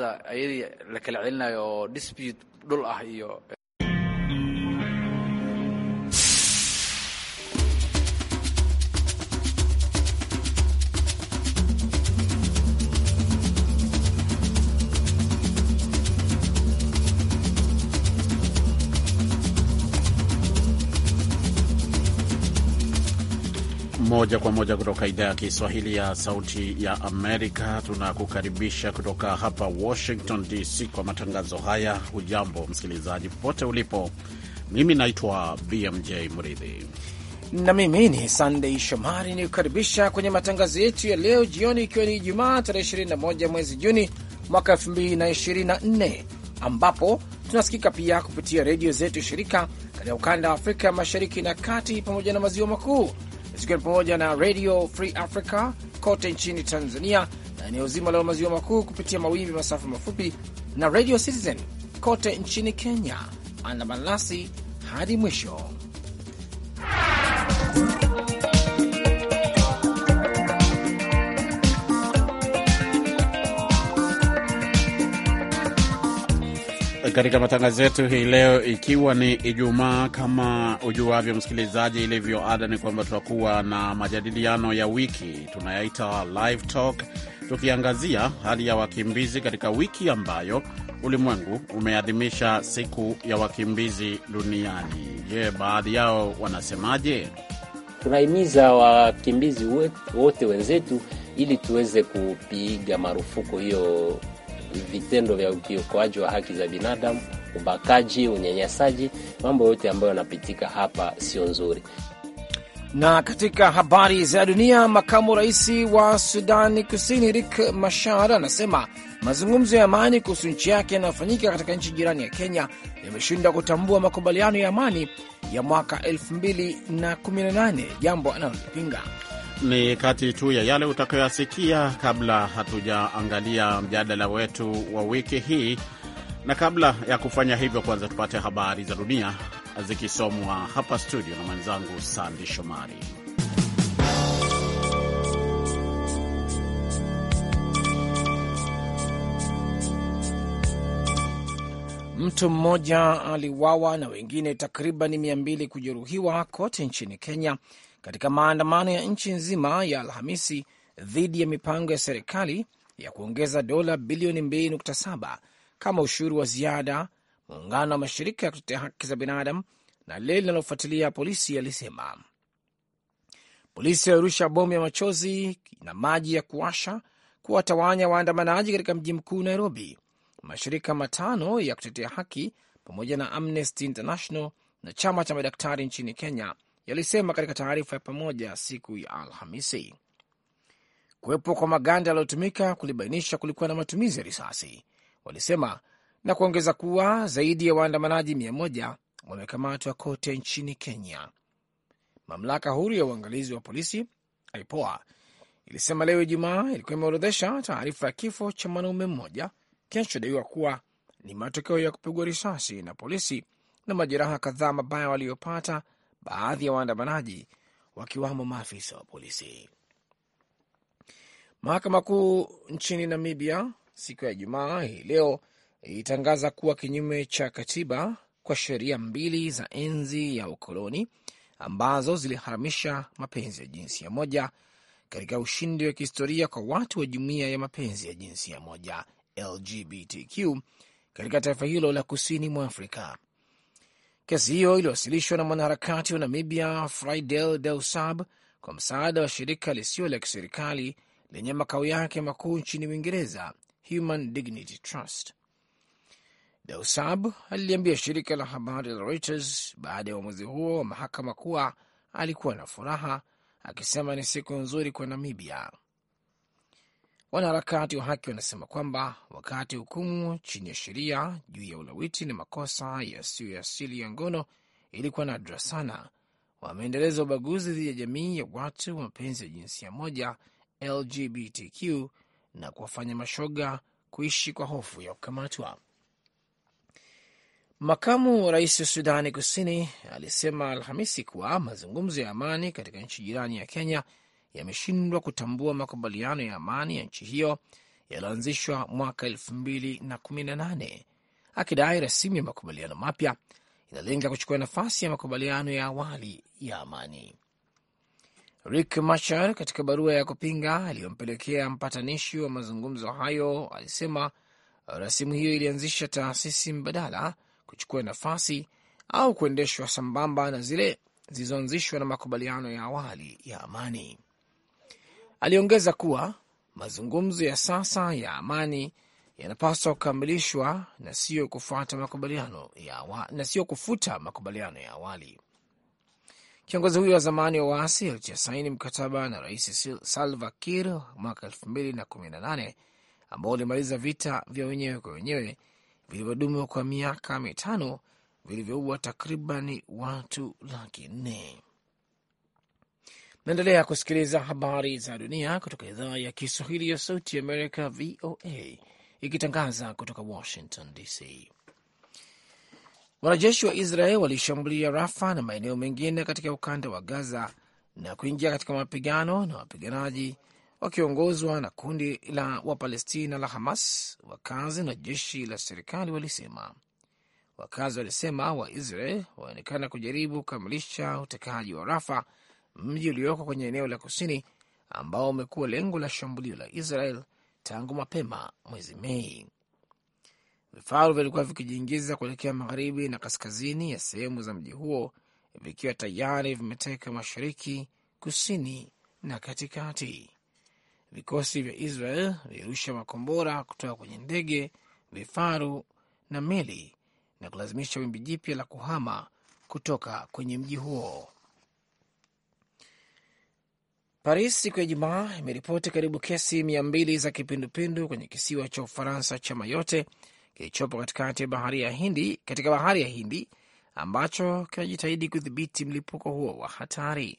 ayadii la kala celinayo oo dispute dhul ah iyo Moja kwa moja kutoka idhaa ya Kiswahili ya Sauti ya Amerika, tunakukaribisha kutoka hapa Washington DC kwa matangazo haya. Hujambo msikilizaji, popote ulipo. Mimi naitwa BMJ Mridhi na mimi ni sandei Shomari nikukaribisha kwenye matangazo yetu ya leo jioni, ikiwa ni Ijumaa tarehe 21 mwezi Juni mwaka 2024 ambapo tunasikika pia kupitia redio zetu shirika katika ukanda wa Afrika Mashariki na Kati pamoja na Maziwa Makuu zikiwa ni pamoja na Radio Free Africa kote nchini Tanzania na eneo zima la maziwa makuu kupitia mawimbi masafa mafupi na Radio Citizen kote nchini Kenya. Andamana nasi hadi mwisho. katika matangazo yetu hii leo, ikiwa ni Ijumaa. Kama ujuavyo msikilizaji, ilivyo ada ni kwamba tutakuwa na majadiliano ya wiki tunayaita live talk, tukiangazia hali ya wakimbizi katika wiki ambayo ulimwengu umeadhimisha siku ya wakimbizi duniani. Je, baadhi yao wanasemaje? Tunahimiza wakimbizi wote wenzetu ili tuweze kupiga marufuku hiyo vitendo vya ukiukwaji wa haki za binadamu, ubakaji, unyanyasaji, mambo yote ambayo yanapitika hapa sio nzuri. Na katika habari za dunia, makamu rais wa Sudani Kusini rik mashar anasema mazungumzo ya amani kuhusu nchi yake yanayofanyika katika nchi jirani ya Kenya yameshindwa kutambua makubaliano ya amani ya mwaka 2018 jambo analolipinga ni kati tu ya yale utakayoyasikia kabla hatujaangalia mjadala wetu wa wiki hii. Na kabla ya kufanya hivyo, kwanza tupate habari za dunia zikisomwa hapa studio na mwenzangu Sandi Shomari. Mtu mmoja aliwawa na wengine takriban mia mbili kujeruhiwa kote nchini Kenya katika maandamano ya nchi nzima ya Alhamisi dhidi ya mipango ya serikali ya kuongeza dola bilioni 2.7 kama ushuru wa ziada. Muungano wa mashirika ya kutetea haki za binadamu na lile linalofuatilia polisi yalisema polisi alirusha bomu ya machozi na maji ya kuasha kuwatawanya waandamanaji katika mji mkuu Nairobi. Mashirika matano ya kutetea haki pamoja na Amnesty International na chama cha madaktari nchini Kenya yalisema katika taarifa ya pamoja siku ya Alhamisi. Kuwepo kwa maganda yaliyotumika kulibainisha kulikuwa na matumizi ya risasi, walisema na kuongeza kuwa zaidi ya waandamanaji mia moja wamekamatwa kote nchini Kenya. Mamlaka huru ya uangalizi wa polisi IPOA ilisema leo Ijumaa ilikuwa imeorodhesha taarifa ya kifo cha mwanaume mmoja kinachodaiwa kuwa ni matokeo ya kupigwa risasi na polisi na majeraha kadhaa mabaya waliyopata baadhi ya waandamanaji wakiwamo maafisa wa polisi. Mahakama Kuu nchini Namibia siku ya Ijumaa hii leo ilitangaza kuwa kinyume cha katiba kwa sheria mbili za enzi ya ukoloni ambazo ziliharamisha mapenzi ya jinsia moja katika ushindi wa kihistoria kwa watu wa jumuiya ya mapenzi ya jinsia moja LGBTQ katika taifa hilo la kusini mwa Afrika. Kesi hiyo iliwasilishwa na mwanaharakati wa Namibia Fraidel sab kwa msaada wa shirika lisiyo la kiserikali lenye makao yake makuu nchini Uingereza, Human Dignity Trust. Dausab aliliambia shirika la habari la Reuters baada ya uamuzi huo wa mahakama kuwa alikuwa na furaha, akisema ni siku nzuri kwa Namibia. Wanaharakati wa haki wanasema kwamba wakati hukumu chini ya sheria juu ya ulawiti na makosa yasiyo ya asili ya ngono ilikuwa nadra sana, wameendeleza ubaguzi dhidi ya jamii ya watu wa mapenzi ya jinsia moja LGBTQ na kuwafanya mashoga kuishi kwa hofu ya kukamatwa. Makamu wa rais wa Sudani Kusini alisema Alhamisi kuwa mazungumzo ya amani katika nchi jirani ya Kenya yameshindwa kutambua makubaliano ya amani ya nchi hiyo yaliyoanzishwa mwaka na nane akidai rasimu ya makubaliano mapya inalenga kuchukua nafasi ya makubaliano ya awali ya amani. Riek Machar katika barua ya kupinga aliyompelekea mpatanishi wa mazungumzo hayo alisema rasimu hiyo ilianzisha taasisi mbadala kuchukua nafasi au kuendeshwa sambamba na zile zilizoanzishwa na makubaliano ya awali ya amani. Aliongeza kuwa mazungumzo ya sasa ya amani yanapaswa kukamilishwa na siyo kufuta makubaliano ya awali. Kiongozi huyo wa zamani wa waasi alitia saini mkataba na Rais Salva Kiir mwaka 218 ambao ulimaliza vita vya wenyewe kwa wenyewe vilivyodumu kwa miaka mitano vilivyoua takriban watu laki nne. Naendelea kusikiliza habari za dunia kutoka idhaa ya Kiswahili ya Sauti Amerika, VOA, ikitangaza kutoka Washington DC. Wanajeshi wa Israel walishambulia Rafa na maeneo mengine katika ukanda wa Gaza na kuingia katika mapigano na wapiganaji wakiongozwa na kundi la Wapalestina la Hamas, wakazi na jeshi la serikali walisema. Wakazi walisema Waisrael waonekana kujaribu kukamilisha utekaji wa Rafa mji ulioko kwenye eneo la kusini ambao umekuwa lengo la shambulio la Israel tangu mapema mwezi Mei. Vifaru vilikuwa vikijiingiza kuelekea magharibi na kaskazini ya sehemu za mji huo vikiwa tayari vimeteka mashariki, kusini na katikati. Vikosi vya Israel vilirusha makombora kutoka kwenye ndege, vifaru na meli na kulazimisha wimbi jipya la kuhama kutoka kwenye mji huo. Paris siku ya jumaa imeripoti karibu kesi mia mbili za kipindupindu kwenye kisiwa cha Ufaransa cha Mayote kilichopo katikati ya bahari ya Hindi, katika bahari ya Hindi ambacho kinajitahidi kudhibiti mlipuko huo wa hatari.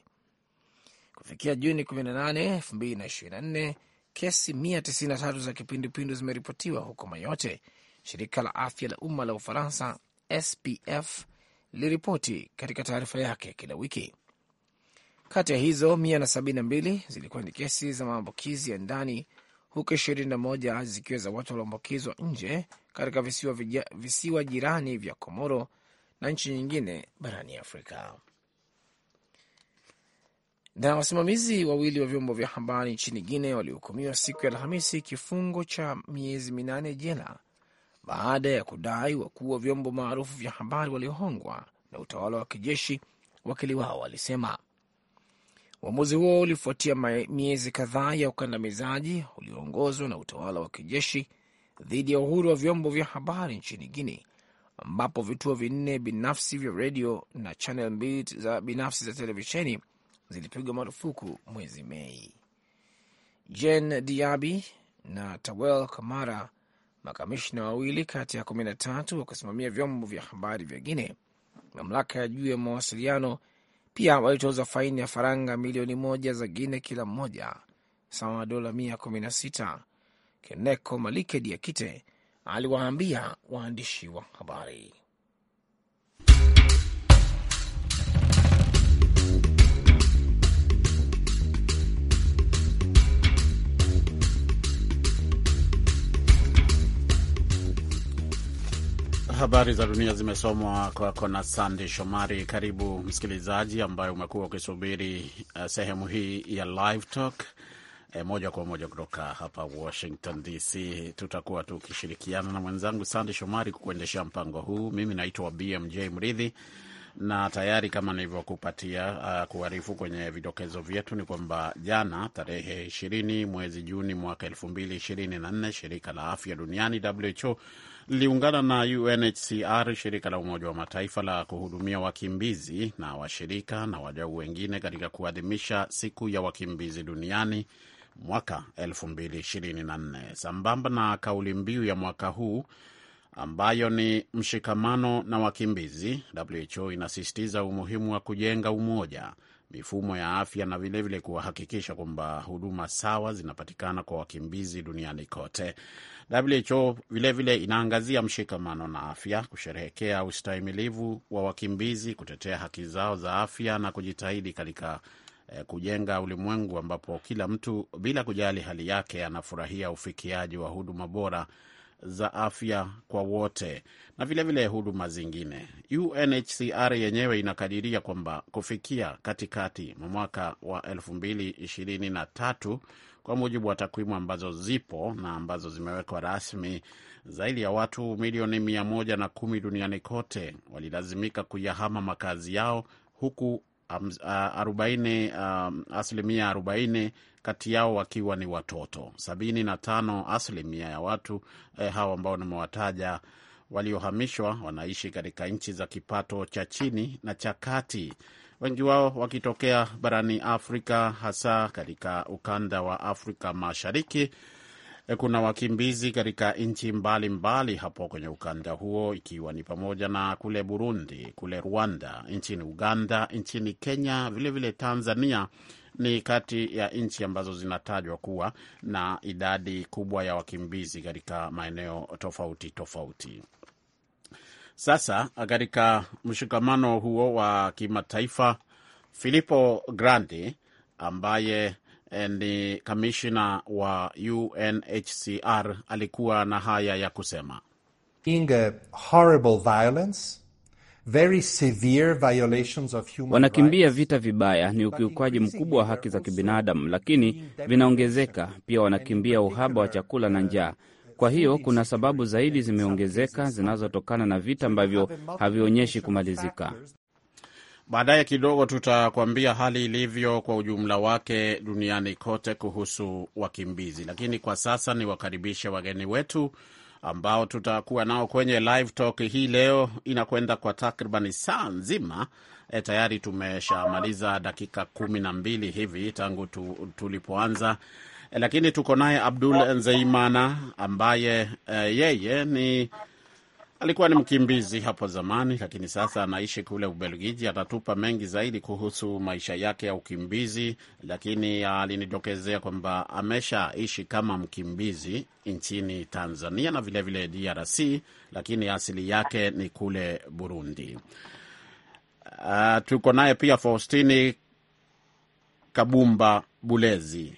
Kufikia Juni 18, 2024 kesi 193 za kipindupindu zimeripotiwa huko mayote shirika la afya la umma la Ufaransa SPF liliripoti katika taarifa yake kila wiki. Kati ya hizo 172 zilikuwa ni kesi za maambukizi ya ndani, huku 21 zikiwa za watu walioambukizwa nje katika visiwa, visiwa jirani vya Komoro na nchi nyingine barani Afrika. Na wasimamizi wawili wa vyombo vya habari nchini Guine walihukumiwa siku ya Alhamisi kifungo cha miezi minane jela baada ya kudai wakuu wa vyombo maarufu vya habari waliohongwa na utawala wa kijeshi wakili wao walisema Uamuzi huo ulifuatia miezi kadhaa ya ukandamizaji ulioongozwa na utawala wa kijeshi dhidi ya uhuru wa vyombo vya habari nchini Guinea, ambapo vituo vinne binafsi vya redio na chanel mbili za binafsi za televisheni zilipigwa marufuku mwezi Mei. Jen diabi na Tawel Kamara, makamishna wawili kati ya 13 wa kusimamia vyombo vya habari vya Guine, mamlaka ya juu ya mawasiliano pia walitoza faini ya faranga milioni moja za Guine kila mmoja, sawa na dola mia kumi na sita. Keneko Malike Diakite aliwaambia waandishi wa habari. Habari za dunia zimesomwa kwako na sandey Shomari. Karibu msikilizaji ambaye umekuwa ukisubiri uh, sehemu hii ya Live Talk eh, moja kwa moja kutoka hapa Washington DC. Tutakuwa tukishirikiana na mwenzangu sandey Shomari kukuendeshea mpango huu. Mimi naitwa BMJ Mridhi na tayari kama nilivyokupatia uh, eh, kuharifu kwenye vidokezo vyetu ni kwamba jana tarehe 20 mwezi Juni mwaka 2024 shirika la afya duniani WHO liliungana na UNHCR, shirika la Umoja wa Mataifa la kuhudumia wakimbizi na washirika na wadau wengine katika kuadhimisha siku ya wakimbizi duniani mwaka 2024 sambamba na kauli mbiu ya mwaka huu ambayo ni mshikamano na wakimbizi. WHO inasisitiza umuhimu wa kujenga umoja, mifumo ya afya na vilevile kuwahakikisha kwamba huduma sawa zinapatikana kwa wakimbizi duniani kote. WHO vilevile inaangazia mshikamano na afya, kusherehekea ustahimilivu wa wakimbizi, kutetea haki zao za afya na kujitahidi katika eh, kujenga ulimwengu ambapo kila mtu bila kujali hali yake anafurahia ufikiaji wa huduma bora za afya kwa wote na vilevile vile huduma zingine. UNHCR yenyewe inakadiria kwamba kufikia katikati mwa mwaka wa 2023 kwa mujibu wa takwimu ambazo zipo na ambazo zimewekwa rasmi. Zaidi ya watu milioni mia moja na kumi duniani kote walilazimika kuyahama makazi yao huku um, um, asilimia arobaini kati yao wakiwa ni watoto. Sabini na tano asilimia ya watu eh, hao ambao nimewataja waliohamishwa wanaishi katika nchi za kipato cha chini na cha kati wengi wao wakitokea barani Afrika, hasa katika ukanda wa Afrika Mashariki. Eh, kuna wakimbizi katika nchi mbalimbali hapo kwenye ukanda huo, ikiwa ni pamoja na kule Burundi, kule Rwanda, nchini Uganda, nchini Kenya, vilevile vile Tanzania ni kati ya nchi ambazo zinatajwa kuwa na idadi kubwa ya wakimbizi katika maeneo tofauti tofauti. Sasa katika mshikamano huo wa kimataifa, Filippo Grandi ambaye eh, ni kamishna wa UNHCR alikuwa na haya ya kusema. wanakimbia vita vibaya, ni ukiukaji mkubwa wa haki za kibinadamu, lakini vinaongezeka pia. Wanakimbia uhaba wa chakula na njaa, kwa hiyo kuna sababu zaidi zimeongezeka zinazotokana na vita ambavyo havionyeshi kumalizika. Baadaye kidogo tutakuambia hali ilivyo kwa ujumla wake duniani kote kuhusu wakimbizi, lakini kwa sasa niwakaribishe wageni wetu ambao tutakuwa nao kwenye live talk hii leo. Inakwenda kwa takribani saa nzima. E, tayari tumeshamaliza dakika kumi na mbili hivi tangu tu, tulipoanza lakini tuko naye Abdul Nzeimana ambaye uh, yeye ni alikuwa ni mkimbizi hapo zamani, lakini sasa anaishi kule Ubelgiji. Atatupa mengi zaidi kuhusu maisha yake ya ukimbizi, lakini alinidokezea kwamba ameshaishi kama mkimbizi nchini Tanzania na vilevile vile DRC, lakini asili yake ni kule Burundi. Uh, tuko naye pia Faustini Kabumba Bulezi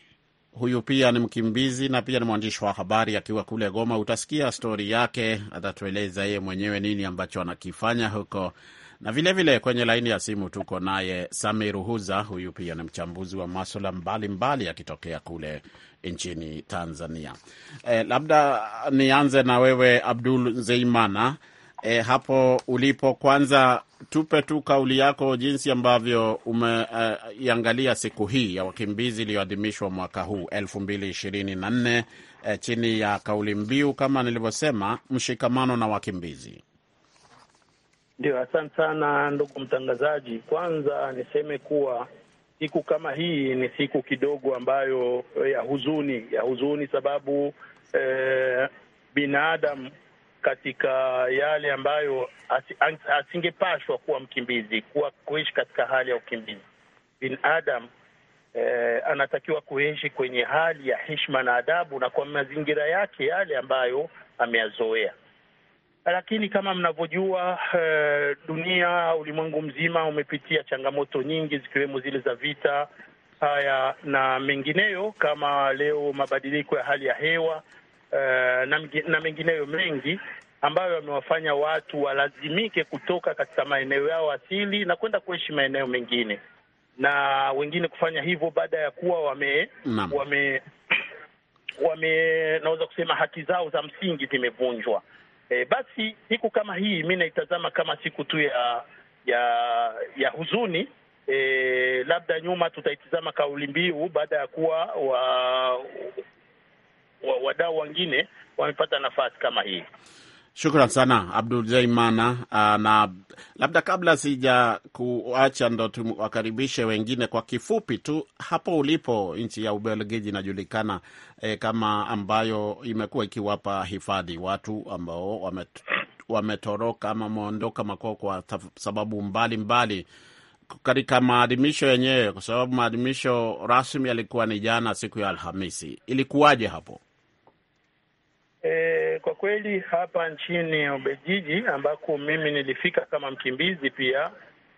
huyu pia ni mkimbizi na pia ni mwandishi wa habari akiwa kule Goma. Utasikia stori yake, atatueleza yeye mwenyewe nini ambacho anakifanya huko, na vilevile vile kwenye laini ya simu tuko naye Sami Ruhuza, huyu pia ni mchambuzi wa maswala mbalimbali akitokea kule nchini Tanzania. Eh, labda nianze na wewe Abdul Zeimana e, hapo ulipo, kwanza tupe tu kauli yako jinsi ambavyo umeiangalia uh, siku hii ya wakimbizi iliyoadhimishwa mwaka huu elfu mbili ishirini na nne e, chini ya kauli mbiu kama nilivyosema, mshikamano na wakimbizi. Ndio, asante sana ndugu mtangazaji. Kwanza niseme kuwa siku kama hii ni siku kidogo ambayo ya huzuni ya huzuni, sababu eh, binadamu katika yale ambayo asingepashwa kuwa mkimbizi, kuwa kuishi katika hali ya ukimbizi. Binadamu eh, anatakiwa kuishi kwenye hali ya heshima na adabu na kwa mazingira yake yale ambayo ameyazoea. Lakini kama mnavyojua, eh, dunia, ulimwengu mzima umepitia changamoto nyingi zikiwemo zile za vita haya na mengineyo, kama leo mabadiliko ya hali ya hewa Eh, na, na mengineyo mengi ambayo yamewafanya watu walazimike kutoka katika maeneo yao asili na kwenda kuishi maeneo mengine, na wengine kufanya hivyo baada ya kuwa wame, wame, wame naweza kusema haki zao za msingi zimevunjwa. E, basi siku kama hii mi naitazama kama siku tu ya ya ya huzuni. E, labda nyuma tutaitizama kauli mbiu baada ya kuwa wa wadau wengine wamepata nafasi kama hii. Shukran sana Abdul Uh, Na labda kabla sija kuacha, ndo tuwakaribishe wengine kwa kifupi tu. Hapo ulipo, nchi ya Ubelgiji inajulikana eh, kama ambayo imekuwa ikiwapa hifadhi watu ambao wamet, wametoroka ama wameondoka makwao kwa sababu mbalimbali katika maadhimisho yenyewe, kwa sababu maadhimisho rasmi yalikuwa ni jana, siku ya Alhamisi. Ilikuwaje hapo? E, kwa kweli hapa nchini Ubelgiji ambako mimi nilifika kama mkimbizi pia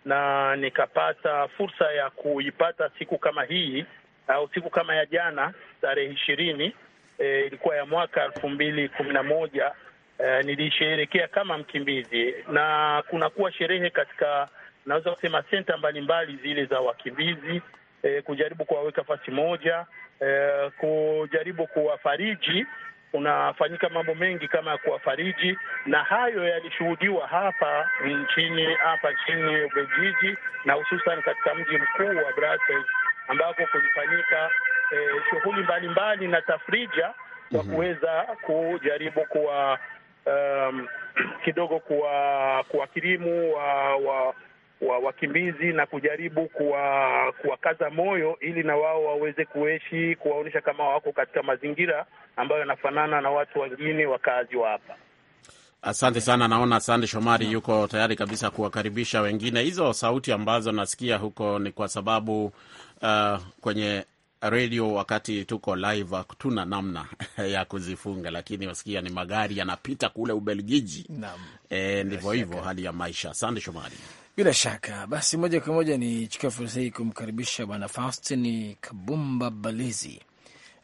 na nikapata fursa ya kuipata siku kama hii au siku kama ya jana tarehe ishirini e, ilikuwa ya mwaka elfu mbili kumi na moja e, nilisherehekea kama mkimbizi, na kunakuwa sherehe katika naweza kusema senta mbalimbali zile za wakimbizi e, kujaribu kuwaweka fasi moja e, kujaribu kuwafariji unafanyika mambo mengi kama ya kuwafariji, na hayo yalishuhudiwa hapa nchini hapa nchini Ubelgiji na hususan katika mji mkuu wa Brussels ambako kulifanyika eh, shughuli mbalimbali na tafrija kwa mm -hmm. kuweza kujaribu kuwa um, kidogo kuwakirimu wa, wa wa wakimbizi na kujaribu kuwa, kuwakaza moyo ili na wao waweze kuishi, kuwaonyesha kama wako katika mazingira ambayo yanafanana na watu wengine wakaazi wa hapa. Asante sana. Naona Sande Shomari yuko tayari kabisa kuwakaribisha wengine. Hizo sauti ambazo nasikia huko ni kwa sababu uh, kwenye redio wakati tuko live hatuna namna ya kuzifunga, lakini wasikia ni magari yanapita kule Ubelgiji. Naam, e, ndivyo hivyo hali ya maisha. Sande Shomari. Bila shaka basi, moja kwa moja ni nichukue fursa hii kumkaribisha bwana Faustin Kabumba Balizi.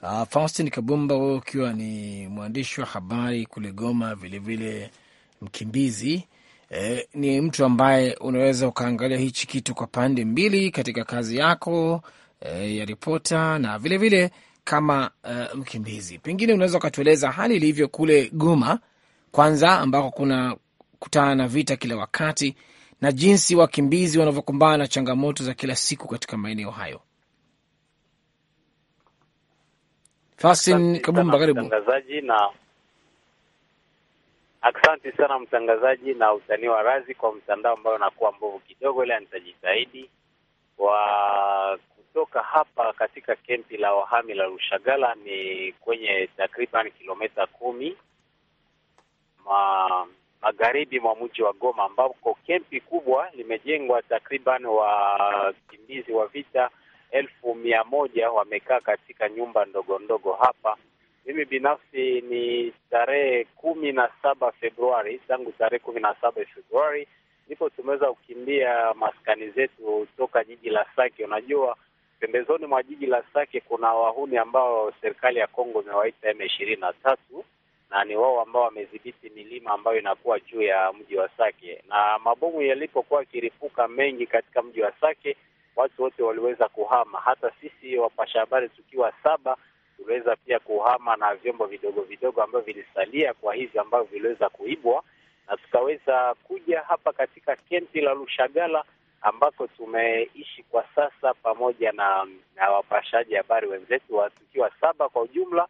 Uh, Faustin Kabumba, wewe ukiwa ni mwandishi wa habari kule Goma, vilevile mkimbizi eh, ni mtu ambaye unaweza ukaangalia hichi kitu kwa pande mbili katika kazi yako eh, ya ripota na vilevile vile kama uh, mkimbizi, pengine unaweza ukatueleza hali ilivyo kule Goma kwanza, ambako kuna kutana na vita kila wakati na jinsi wakimbizi wanavyokumbana na changamoto za kila siku katika maeneo hayo. Fasin Kabumba, karibu. Asante sana mtangazaji na usanii wa razi kwa mtandao ambayo unakuwa mbovu kidogo, ila nitajitahidi wa kutoka hapa katika kempi la wahami la rushagala ni kwenye takriban kilomita kumi ma magharibi mwa mji wa Goma ambako kempi kubwa limejengwa. Takriban wakimbizi wa vita elfu mia moja wamekaa katika nyumba ndogo ndogo hapa. Mimi binafsi ni tarehe kumi na saba Februari, tangu tarehe kumi na saba Februari ndipo tumeweza kukimbia maskani zetu toka jiji la Sake. Unajua, pembezoni mwa jiji la Sake kuna wahuni ambao serikali ya Kongo imewaita M ishirini na tatu na ni wao ambao wamedhibiti milima ambayo inakuwa juu ya mji wa Sake, na mabomu yalipokuwa yakiripuka mengi katika mji wa Sake, watu wote waliweza kuhama. Hata sisi wapasha habari tukiwa saba tuliweza pia kuhama na vyombo vidogo vidogo ambavyo vilisalia kwa hivi ambavyo viliweza kuibwa, na tukaweza kuja hapa katika kenti la Lushagala ambako tumeishi kwa sasa pamoja na, na wapashaji habari wenzetu wa tukiwa saba kwa ujumla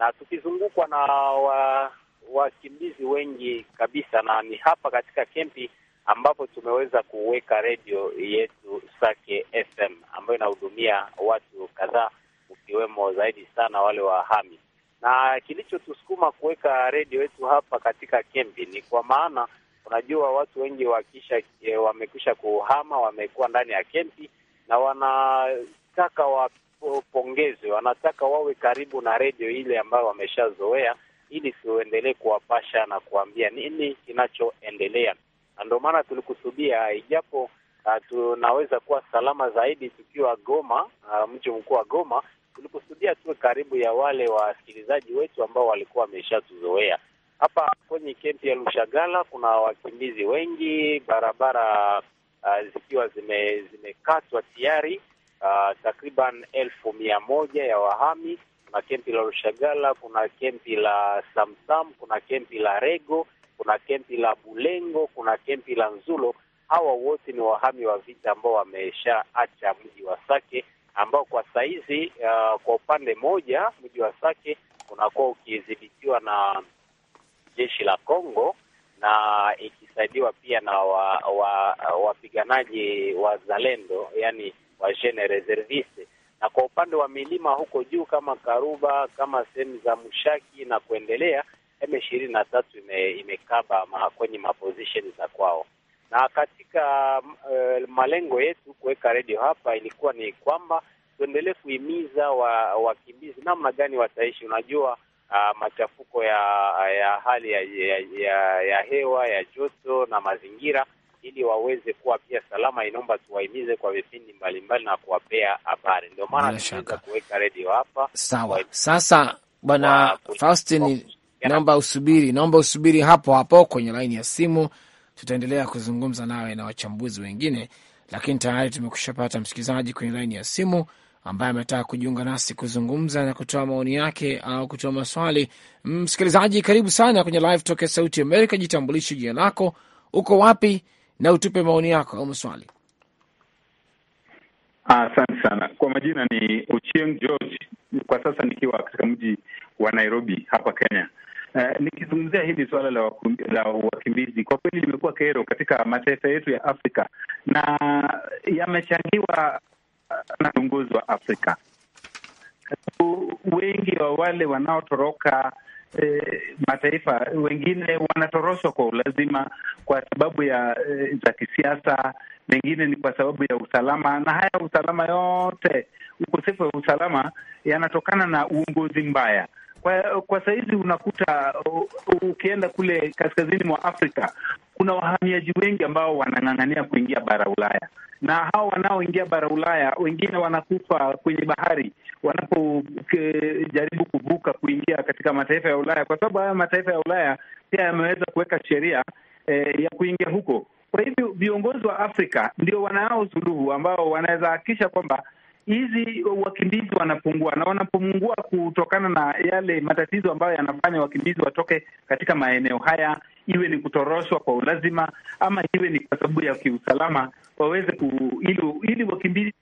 na tukizungukwa na wa, wakimbizi wengi kabisa, na ni hapa katika kempi ambapo tumeweza kuweka redio yetu Sake FM ambayo inahudumia watu kadhaa, ukiwemo zaidi sana wale wahami. Na kilichotusukuma kuweka redio yetu hapa katika kempi ni kwa maana unajua watu wengi wakisha eh, wamekwisha kuhama, wamekuwa ndani ya kempi na wanataka wa wapongezwe, wanataka wawe karibu na redio ile ambayo wameshazoea, ili tuendelee kuwapasha na kuambia nini kinachoendelea. Na ndio maana tulikusudia, ijapo uh, tunaweza kuwa salama zaidi tukiwa Goma, uh, mji mkuu wa Goma, tulikusudia tuwe karibu ya wale wasikilizaji wetu ambao walikuwa wameshatuzoea. Hapa kwenye kempi ya Lushagala kuna wakimbizi wengi, barabara uh, zikiwa zimekatwa zime tayari uh, takriban elfu mia moja ya wahami. Kuna kempi la rushagala kuna kempi la Samsam, kuna kempi la Rego, kuna kempi la Bulengo, kuna kempi la Nzulo. Hawa wote ni wahami wa vita ambao wameshaacha mji wa Sake, ambao kwa sahizi uh, ah, kwa upande moja mji wa Sake unakuwa ukidhibitiwa na jeshi la Kongo na ikisaidiwa pia na wapiganaji wa, wa, wa wazalendo yani wa gene reserviste, na kwa upande wa milima huko juu kama Karuba, kama sehemu za Mushaki na kuendelea, M ishirini na tatu imekaba ma, kwenye maposition za kwao na katika uh, malengo yetu kuweka redio hapa ilikuwa ni kwamba tuendelee kuhimiza wakimbizi wa namna gani wataishi. Unajua uh, machafuko ya ya hali ya, ya, ya, ya hewa ya joto na mazingira ili waweze kuwa pia salama, inaomba tuwahimize kwa vipindi mbalimbali na kuwapea habari. Ndio maana tunaweza kuweka redio hapa. Sawa, sasa bwana Faustin, naomba usubiri, naomba usubiri hapo hapo kwenye laini ya simu. Tutaendelea kuzungumza nawe na wachambuzi wengine, lakini tayari tumekushapata msikilizaji kwenye laini ya simu ambaye ametaka kujiunga nasi kuzungumza na kutoa maoni yake au kutoa maswali. Msikilizaji, karibu sana kwenye Live Talk ya Sauti Amerika. Jitambulishe jina lako, uko wapi na utupe maoni yako au maswali. Asante ah, sana. Kwa majina ni Ochieng George, kwa sasa nikiwa katika mji wa Nairobi hapa Kenya. Uh, nikizungumzia hili suala la la wakimbizi kwa kweli limekuwa kero katika mataifa yetu ya Afrika na yamechangiwa na viongozi wa Afrika. Wengi wa wale wanaotoroka e, mataifa wengine wanatoroshwa kwa ulazima kwa sababu ya e, za kisiasa, mengine ni kwa sababu ya usalama, na haya usalama yote, ukosefu wa usalama yanatokana na uongozi mbaya. Kwa, kwa sahizi unakuta ukienda kule kaskazini mwa Afrika kuna wahamiaji wengi ambao wanang'ang'ania kuingia bara Ulaya, na hao wanaoingia bara Ulaya wengine wanakufa kwenye bahari, wanapojaribu kuvuka kuingia katika mataifa ya Ulaya, kwa sababu haya mataifa ya Ulaya pia yameweza kuweka sheria eh, ya kuingia huko. Kwa hivyo viongozi wa Afrika ndio wanao suluhu ambao wanaweza hakikisha kwamba hizi wakimbizi wanapungua, na wanapungua kutokana na yale matatizo ambayo yanafanya wakimbizi watoke katika maeneo haya, iwe ni kutoroshwa kwa ulazima ama iwe ni kwa sababu ya kiusalama, waweze ku- ili, ili wakimbizi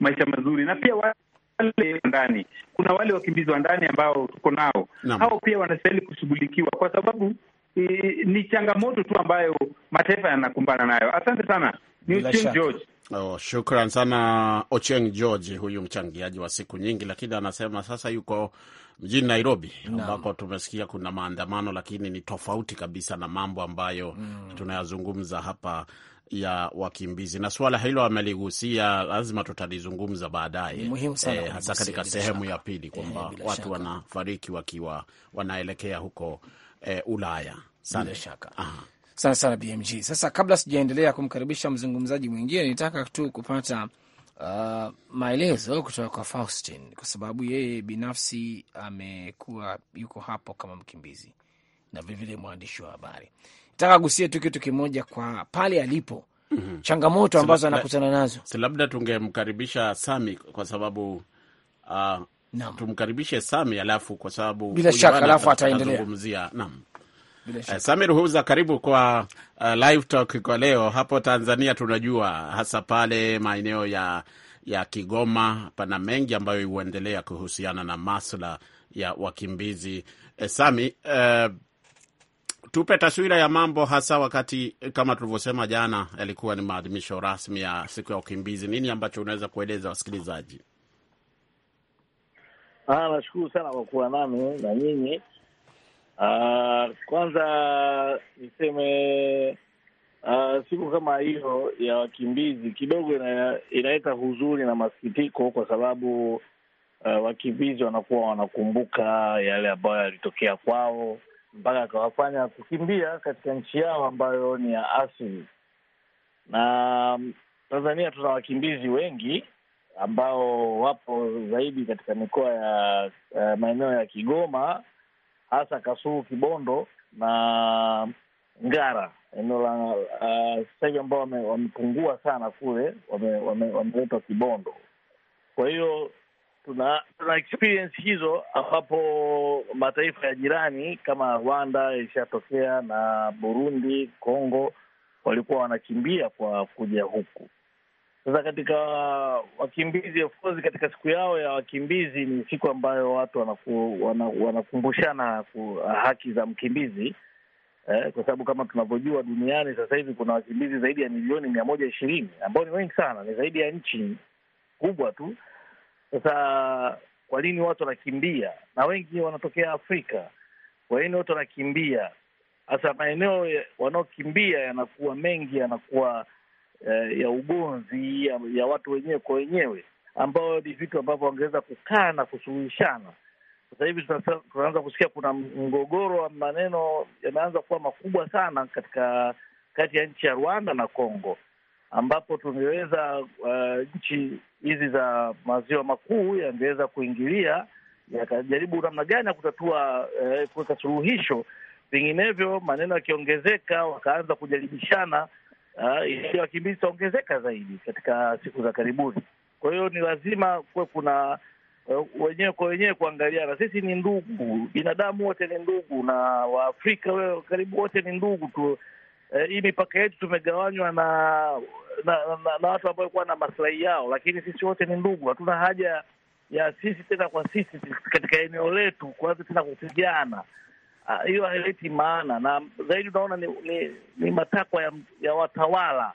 maisha mazuri na pia wa, wale ndani, kuna wale wakimbizi wa ndani ambao tuko nao no. Hao pia wanastahili kushughulikiwa kwa sababu e, ni changamoto tu ambayo mataifa yanakumbana nayo. Asante sana, ni George. Oh, shukran sana Ocheng George, huyu mchangiaji wa siku nyingi, lakini anasema sasa yuko mjini Nairobi ambako tumesikia kuna maandamano, lakini ni tofauti kabisa na mambo ambayo mm. tunayazungumza hapa ya wakimbizi, na suala hilo ameligusia, lazima tutalizungumza baadaye, eh, hasa katika sehemu ya pili kwamba eh, watu wanafariki wakiwa wanaelekea huko eh, Ulaya. Sana sana BMG. Sasa kabla sijaendelea kumkaribisha mzungumzaji mwingine, nitaka tu kupata uh, maelezo kutoka kwa Faustin kwa sababu yeye binafsi amekuwa yuko hapo kama mkimbizi na vilevile mwandishi wa habari. Nataka gusia tu kitu kimoja kwa pale alipo mm -hmm. changamoto ambazo anakutana nazo. Labda tungemkaribisha Sami kwa sababu uh, tumkaribishe Sami alafu kwa sababu bila shaka alafu ataendelea. Uh, Samir Huza, karibu kwa uh, live talk kwa leo. Hapo Tanzania tunajua hasa pale maeneo ya, ya Kigoma pana mengi ambayo huendelea kuhusiana na masuala ya wakimbizi. Uh, Sami, uh, tupe taswira ya mambo hasa wakati eh, kama tulivyosema jana, yalikuwa ni maadhimisho rasmi ya siku ya ukimbizi. Nini ambacho unaweza kueleza wasikilizaji? Ah, nashukuru sana kwa kuwa nami na nyinyi. Ah, kwanza niseme ah, siku kama hiyo ya wakimbizi kidogo ina, inaleta huzuni na masikitiko kwa sababu Uh, wakimbizi wanakuwa wanakumbuka yale ambayo yalitokea kwao mpaka akawafanya kukimbia katika nchi yao ambayo ni ya asili. Na um, Tanzania tuna wakimbizi wengi ambao wapo zaidi katika mikoa ya eh, maeneo ya Kigoma, hasa Kasulu, Kibondo na Ngara, eneo la eh, sasa hivi ambao wamepungua sana kule, wameletwa wame, wame Kibondo. Kwa hiyo tuna tuna experience hizo ambapo mataifa ya jirani kama Rwanda ilishatokea na Burundi, congo walikuwa wanakimbia kwa kuja huku. Sasa katika wakimbizi, of course, katika siku yao ya wakimbizi ni siku ambayo watu wanaku, wanakumbushana haki za mkimbizi eh, kwa sababu kama tunavyojua duniani sasa hivi kuna wakimbizi zaidi ya milioni mia moja ishirini ambao ni wengi sana, ni zaidi ya nchi kubwa tu sasa kwa nini watu wanakimbia? Na wengi wanatokea Afrika, kwa nini watu wanakimbia? Hasa maeneo wanaokimbia yanakuwa mengi, yanakuwa eh, ya ugonzi ya, ya watu wenyewe kwa wenyewe, ambayo ni vitu ambavyo wangeweza kukaa na kusuluhishana. Sasa hivi tunaanza kusikia kuna mgogoro wa maneno yameanza kuwa makubwa sana katika kati ya nchi ya Rwanda na Congo, ambapo tungeweza uh, nchi hizi za maziwa makuu yangeweza kuingilia yakajaribu namna gani ya kutatua eh, kuweka suluhisho. Vinginevyo maneno yakiongezeka, wakaanza kujaribishana, uh, eh, ili wakimbizi itaongezeka zaidi katika siku za karibuni. Kwa hiyo ni lazima kuwe kuna uh, wenyewe kwa wenyewe kuangaliana. Sisi ni ndugu, binadamu wote ni ndugu, na Waafrika karibu wote ni ndugu tu, eh, hii mipaka yetu tumegawanywa na na, na, na watu ambao kuwa na maslahi yao, lakini sisi wote ni ndugu. Hatuna haja ya sisi tena kwa sisi katika eneo letu kuanza tena kupigana. Ah, hiyo haileti maana, na zaidi unaona ni, ni, ni matakwa ya, ya watawala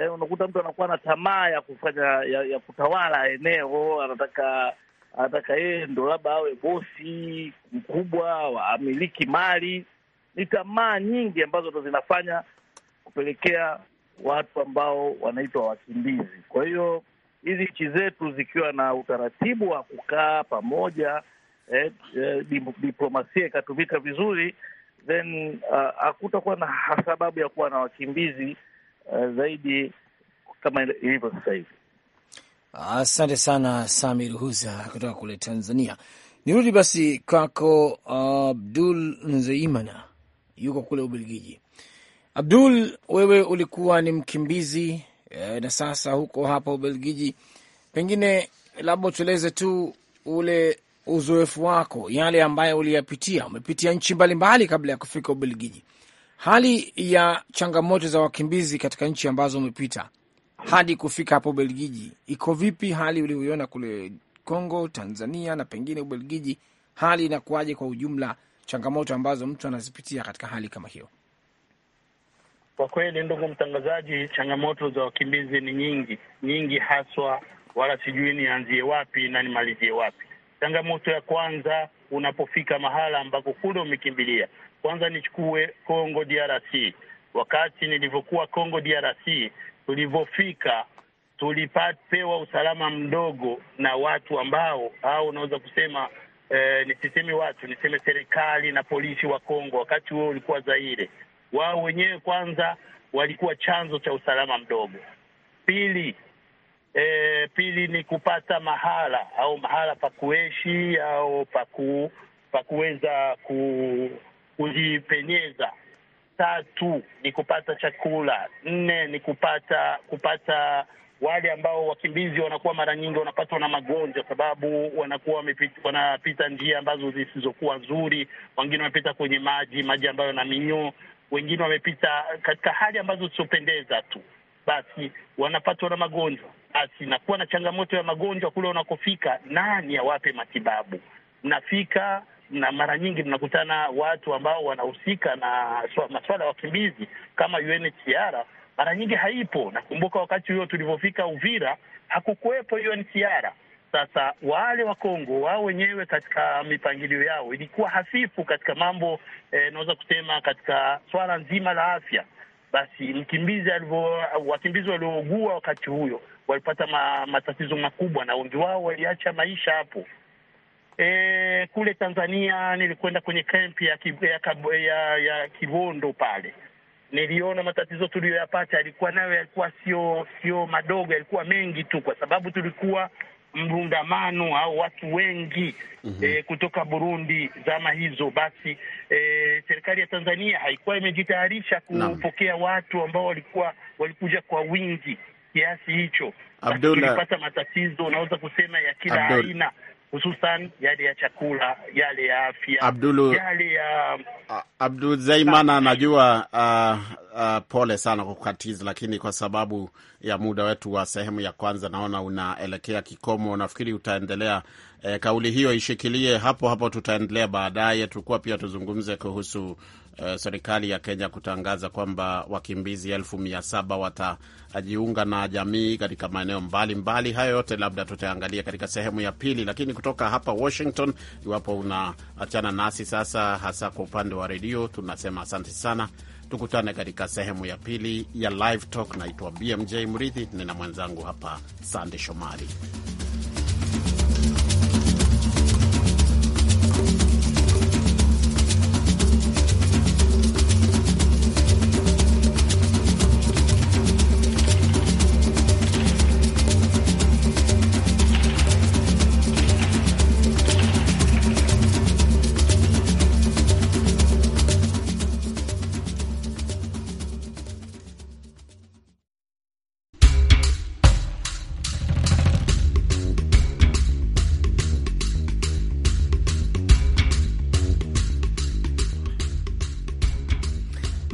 eh, unakuta mtu anakuwa na tamaa ya kufanya ya, ya kutawala eneo, anataka anataka yeye ndo labda awe bosi mkubwa, amiliki mali ni tamaa nyingi ambazo ndo zinafanya kupelekea watu ambao wanaitwa wakimbizi. Kwa hiyo hizi nchi zetu zikiwa na utaratibu wa kukaa pamoja, eh, eh, diplomasia ikatumika vizuri, then uh, hakutakuwa uh, na sababu ya kuwa na wakimbizi uh, zaidi kama ilivyo sasa hivi. Asante sana Samir Huza kutoka kule Tanzania. Nirudi basi kwako uh, Abdul Nzeimana yuko kule Ubelgiji. Abdul, wewe ulikuwa ni mkimbizi e, na sasa huko hapa Ubelgiji, pengine labda utueleze tu ule uzoefu wako, yale ambayo uliyapitia. Umepitia nchi mbalimbali kabla ya kufika Ubelgiji, hali ya changamoto za wakimbizi katika nchi ambazo umepita hadi kufika hapo Ubelgiji iko vipi? Hali ulioiona kule Kongo, Tanzania na pengine Ubelgiji, hali inakuwaje kwa ujumla changamoto ambazo mtu anazipitia katika hali kama hiyo? Kwa kweli, ndugu mtangazaji, changamoto za wakimbizi ni nyingi nyingi haswa, wala sijui nianzie wapi na nimalizie wapi. Changamoto ya kwanza unapofika mahala ambapo kule umekimbilia. Kwanza nichukue Congo DRC. Wakati nilivyokuwa Congo DRC, tulivyofika tulipewa usalama mdogo na watu ambao, au unaweza kusema eh, nisisemi watu, niseme serikali na polisi wa Kongo, wakati huo ulikuwa Zaire, wao wenyewe kwanza walikuwa chanzo cha usalama mdogo. Pili eh, pili ni kupata mahala au mahala pa kuishi au paku, pa kuweza ku, kujipenyeza. Tatu ni kupata chakula. Nne ni kupata kupata wale ambao wakimbizi wanakuwa mara nyingi wanapatwa na magonjwa, sababu wanakuwa wamepita, wanapita njia ambazo zisizokuwa nzuri. Wengine wamepita kwenye maji, maji ambayo na minyoo, wengine wamepita katika hali ambazo zisizopendeza tu, basi wanapatwa na magonjwa, basi nakuwa na changamoto ya magonjwa kule wanakofika. Nani awape matibabu? Mnafika na mara nyingi mnakutana watu ambao wanahusika na maswala ya wakimbizi kama UNHCR mara nyingi haipo. Nakumbuka wakati huo tulivyofika Uvira hakukuwepo UNHCR. Sasa wale wa Kongo wao wenyewe katika mipangilio yao ilikuwa hafifu katika mambo eh, naweza kusema katika swala nzima la afya. Basi mkimbizi alivyo, wakimbizi waliougua wakati huyo walipata ma, matatizo makubwa na wengi wao waliacha maisha hapo. E, kule Tanzania nilikwenda kwenye kempi ya, ya, ya, ya Kibondo pale niliona matatizo tuliyoyapata yalikuwa nayo yalikuwa sio sio madogo, yalikuwa mengi tu, kwa sababu tulikuwa mrundamano au watu wengi mm -hmm. E, kutoka Burundi zama hizo. Basi e, serikali ya Tanzania haikuwa imejitayarisha kupokea watu ambao walikuwa walikuja kwa wingi kiasi hicho. Tulipata matatizo unaweza kusema ya kila aina hususan yale ya chakula, yale ya afya, Abdul yale ya Abdul Zaiman anajua uh, uh, pole sana kwa kukatiza, lakini kwa sababu ya muda wetu wa sehemu ya kwanza naona unaelekea kikomo. Nafikiri utaendelea eh, kauli hiyo ishikilie hapo hapo, tutaendelea baadaye, tulikuwa pia tuzungumze kuhusu uh, serikali ya Kenya kutangaza kwamba wakimbizi elfu mia saba watajiunga na jamii katika maeneo mbalimbali. Hayo yote labda tutaangalia katika sehemu ya pili, lakini kutoka hapa Washington, iwapo unaachana nasi sasa, hasa kwa upande wa redio, tunasema asante sana. Tukutane katika sehemu ya pili ya Live Talk. Naitwa BMJ Mridhi, nina mwenzangu hapa Sande Shomari.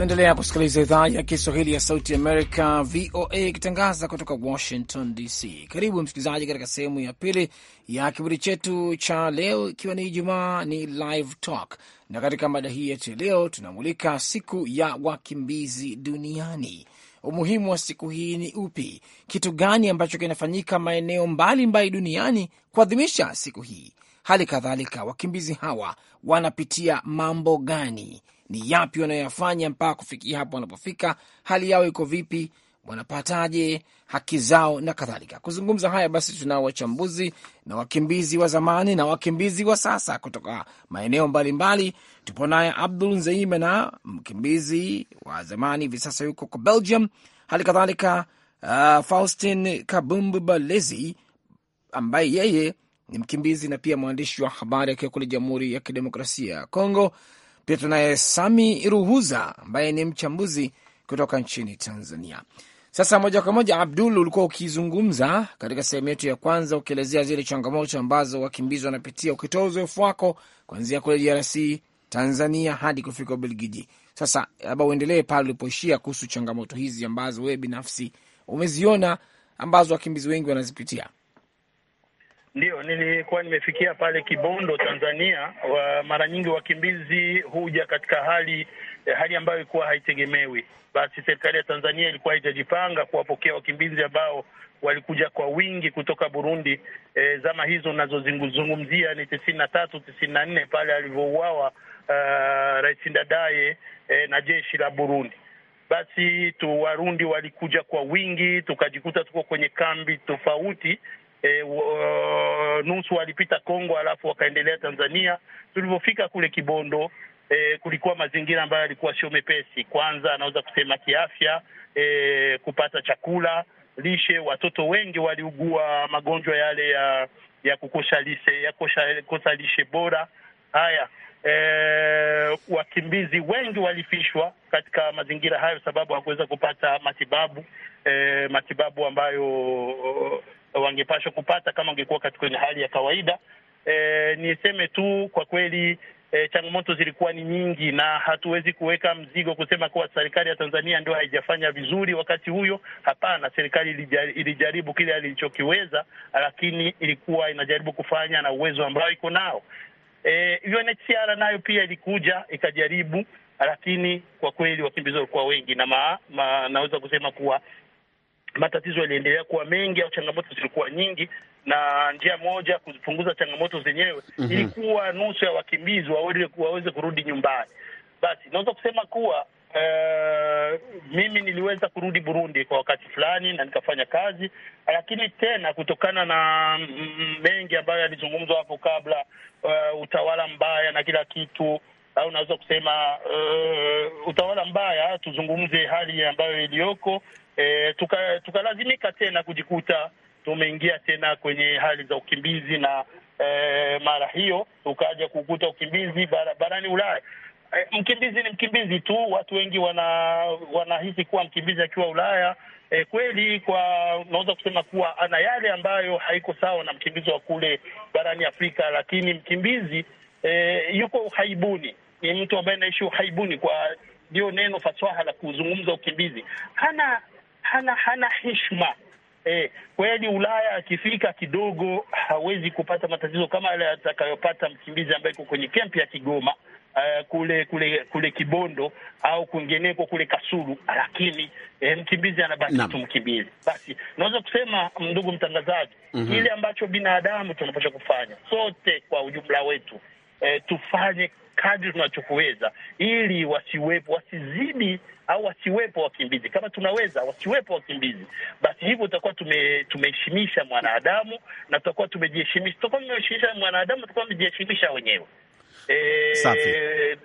Naendelea kusikiliza idhaa ya Kiswahili ya Sauti Amerika, VOA, ikitangaza kutoka Washington DC. Karibu msikilizaji katika sehemu ya pili ya kipindi chetu cha leo, ikiwa ni Ijumaa, ni Live Talk, na katika mada hii yetu ya leo tunamulika siku ya wakimbizi duniani. Umuhimu wa siku hii ni upi? Kitu gani ambacho kinafanyika maeneo mbalimbali duniani kuadhimisha siku hii? Hali kadhalika wakimbizi hawa wanapitia mambo gani? ni yapi wanayoyafanya mpaka kufikia hapo wanapofika, hali yao iko vipi, wanapataje haki zao na kadhalika. Kuzungumza haya basi, tunao wachambuzi na wakimbizi wa zamani na wakimbizi wa sasa kutoka maeneo mbalimbali. Tupo naye Abdul Nzeimana, mkimbizi wa zamani, hivi sasa yuko kwa Belgium, hali kadhalika uh, Faustin Kabumbu Balezi ambaye yeye ni mkimbizi na pia mwandishi wa habari akiwa kule Jamhuri ya Kidemokrasia ya Kongo. Pia tunaye Sami ruhuza ambaye ni mchambuzi kutoka nchini Tanzania. Sasa moja kwa moja, Abdul, ulikuwa ukizungumza katika sehemu yetu ya kwanza ukielezea zile changamoto ambazo wakimbizi wanapitia, ukitoa uzoefu wako kuanzia kule DRC, Tanzania hadi kufika Ubelgiji. Sasa labda uendelee pale ulipoishia kuhusu changamoto hizi ambazo wewe binafsi umeziona ambazo wakimbizi wengi wanazipitia ndio nilikuwa nimefikia pale Kibondo, Tanzania. Wa mara nyingi wakimbizi huja katika hali hali ambayo ilikuwa haitegemewi. Basi serikali ya Tanzania ilikuwa haijajipanga kuwapokea wakimbizi ambao walikuja kwa wingi kutoka Burundi E, zama hizo nazozungumzia ni tisini na tatu tisini na nne pale alivyouawa uh, Rais Ndadaye e, na jeshi la Burundi. Basi tu Warundi walikuja kwa wingi, tukajikuta tuko kwenye kambi tofauti e, uh, nusu walipita Kongo alafu wakaendelea Tanzania. Tulivyofika kule Kibondo e, kulikuwa mazingira ambayo yalikuwa sio mepesi, kwanza anaweza kusema kiafya, e, kupata chakula, lishe. Watoto wengi waliugua magonjwa yale ya ya kukosa lishe ya kukosa lishe bora. Haya, e, wakimbizi wengi walifishwa katika mazingira hayo, sababu hawakuweza kupata matibabu e, matibabu ambayo wangepashwa kupata kama wangekuwa katika kwenye hali ya kawaida. E, niseme tu kwa kweli e, changamoto zilikuwa ni nyingi, na hatuwezi kuweka mzigo kusema kuwa serikali ya Tanzania ndio haijafanya vizuri wakati huyo. Hapana, serikali ilijaribu kile alichokiweza, lakini ilikuwa inajaribu kufanya na uwezo ambao iko nao. E, UNHCR nayo pia ilikuja ikajaribu, lakini kwa kweli wakimbizi walikuwa wengi na ma, ma, naweza kusema kuwa matatizo yaliendelea kuwa mengi au changamoto zilikuwa nyingi, na njia moja kuzipunguza changamoto zenyewe mm -hmm. ilikuwa nusu ya wakimbizi waweze kurudi nyumbani. Basi naweza kusema kuwa Uh, mimi niliweza kurudi Burundi kwa wakati fulani na nikafanya kazi, lakini tena kutokana na mm, mm, mengi ambayo yalizungumzwa hapo kabla, uh, utawala mbaya na kila kitu, au naweza kusema uh, utawala mbaya, tuzungumze hali ambayo iliyoko e, tukalazimika tuka tena kujikuta tumeingia tena kwenye hali za ukimbizi na e, mara hiyo tukaja kukuta ukimbizi bara, barani Ulaya. E, mkimbizi ni mkimbizi tu. Watu wengi wana wanahisi kuwa mkimbizi akiwa Ulaya e, kweli kwa unaweza kusema kuwa ana yale ambayo haiko sawa na mkimbizi wa kule barani Afrika, lakini mkimbizi e, yuko uhaibuni, ni mtu ambaye anaishi uhaibuni, kwa ndio neno fasaha la kuzungumza ukimbizi. Hana hana hana heshima eh. Kweli Ulaya akifika kidogo hawezi kupata matatizo kama yale atakayopata mkimbizi ambaye iko kwenye kempi ya Kigoma Uh, kule kule kule Kibondo au kwingineko kule Kasulu, lakini eh, mkimbizi anabaki tu mkimbizi. Basi naweza kusema ndugu mtangazaji, mm -hmm. Kile ambacho binadamu tunapaswa kufanya sote kwa ujumla wetu eh, tufanye kadri tunachoweza ili wasiwepo wasizidi au wasiwepo wakimbizi. Kama tunaweza wasiwepo wakimbizi, basi hivyo tutakuwa tumeheshimisha mwanadamu na tutakuwa tumejiheshimisha, tutakuwa tumeheshimisha mwanadamu, tutakuwa tumejiheshimisha wenyewe. Eh,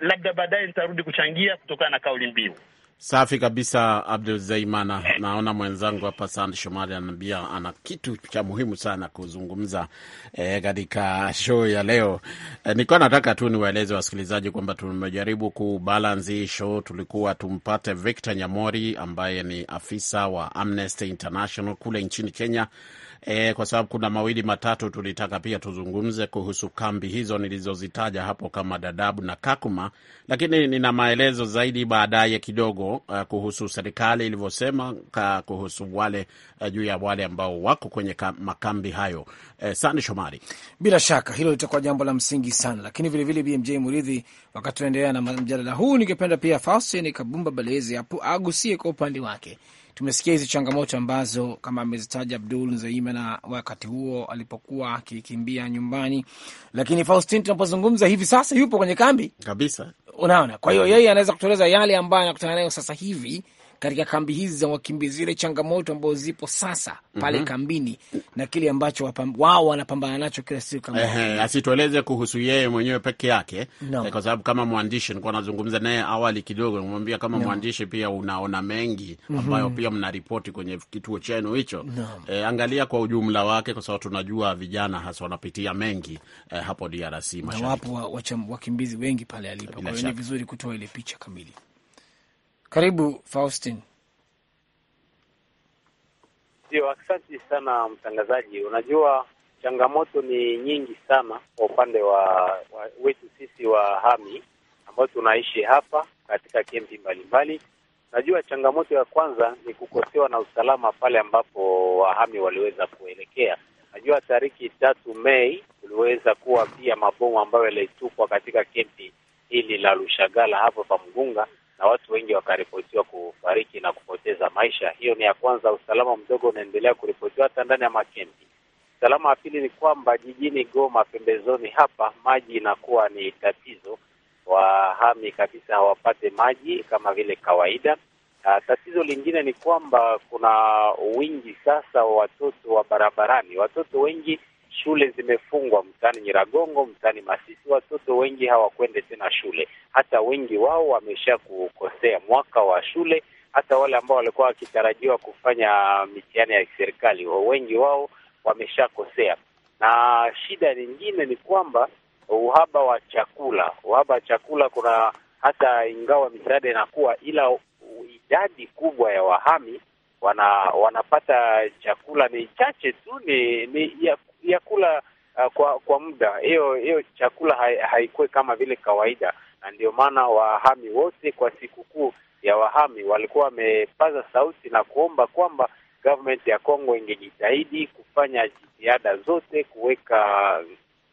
labda baadaye nitarudi kuchangia kutokana na kauli mbiu. Safi kabisa, Abdul Zaimana. Naona mwenzangu hapa Sande Shomari anaambia ana kitu cha muhimu sana kuzungumza eh, katika e, show ya leo e, eh, nikuwa nataka tu niwaeleze wasikilizaji kwamba tumejaribu kubalansi hii show. Tulikuwa tumpate Victor Nyamori ambaye ni afisa wa Amnesty International kule nchini Kenya e, kwa sababu kuna mawili matatu tulitaka pia tuzungumze kuhusu kambi hizo nilizozitaja hapo kama dadabu na Kakuma, lakini nina maelezo zaidi baadaye kidogo uh, kuhusu serikali ilivyosema kuhusu wale uh, juu ya wale ambao wako kwenye makambi hayo. E, Sande Shomari, bila shaka hilo litakuwa jambo la msingi sana, lakini vilevile BMJ Muridhi, wakati tunaendelea na mjadala huu, ningependa pia Faustini Kabumba Balezi hapo agusie kwa upande wake tumesikia hizi changamoto ambazo kama amezitaja Abdul zaima na wakati huo alipokuwa akikimbia nyumbani, lakini Faustin tunapozungumza hivi sasa yupo kwenye kambi kabisa, unaona. Kwa hiyo yeye anaweza kutueleza yale ambayo anakutana nayo sasa hivi katika kambi hizi za wakimbizi, ile changamoto ambazo zipo sasa pale mm -hmm. kambini na kile ambacho wao wanapambana nacho kila siku. Asitueleze kuhusu yeye mwenyewe peke yake no. Eh, kwa sababu kama mwandishi nilikuwa nazungumza naye awali kidogo, nimwambia kama no. mwandishi pia unaona mengi mhm. ambayo mm -hmm. pia mnaripoti kwenye kituo chenu hicho no. E, angalia kwa ujumla wake, kwa sababu tunajua vijana hasa wanapitia mengi e, hapo DRC mashariki wapo wakimbizi wa, wengi pale alipo, kwa hiyo ni vizuri kutoa ile picha kamili. Karibu Faustin. Ndio, asante sana mtangazaji. Unajua, changamoto ni nyingi sana kwa upande wa, wa wetu sisi wa hami ambao tunaishi hapa katika kempi mbalimbali. Najua changamoto ya kwanza ni kukosewa na usalama pale ambapo wahami waliweza kuelekea. Najua tariki tatu Mei kuliweza kuwa pia mabomu ambayo yalitupwa katika kempi hili la Lushagala hapo pa Mgunga, na watu wengi wakaripotiwa kufariki na kupoteza maisha. Hiyo ni ya kwanza. Usalama mdogo unaendelea kuripotiwa hata ndani ya makendi. Usalama wa pili ni kwamba jijini Goma, pembezoni hapa, maji inakuwa ni tatizo, wahami kabisa hawapate maji kama vile kawaida. Uh, tatizo lingine ni kwamba kuna wingi sasa wa watoto wa barabarani. Watoto wengi shule zimefungwa mtaani Nyiragongo, mtaani Masisi, watoto wengi hawakwende tena shule. Hata wengi wao wamesha kukosea mwaka wa shule. Hata wale ambao walikuwa wakitarajiwa kufanya mitihani ya serikali, wengi wao wameshakosea. Na shida nyingine ni kwamba uhaba wa chakula, uhaba wa chakula. Kuna hata ingawa misaada inakuwa, ila idadi kubwa ya wahami wana wanapata chakula ni chache tu, ni, ni ya ya kula uh, kwa kwa muda. Hiyo hiyo chakula haikuwe kama vile kawaida, na ndio maana wahami wote kwa sikukuu ya wahami walikuwa wamepaza sauti na kuomba kwamba government ya Kongo ingejitahidi kufanya jitihada zote kuweka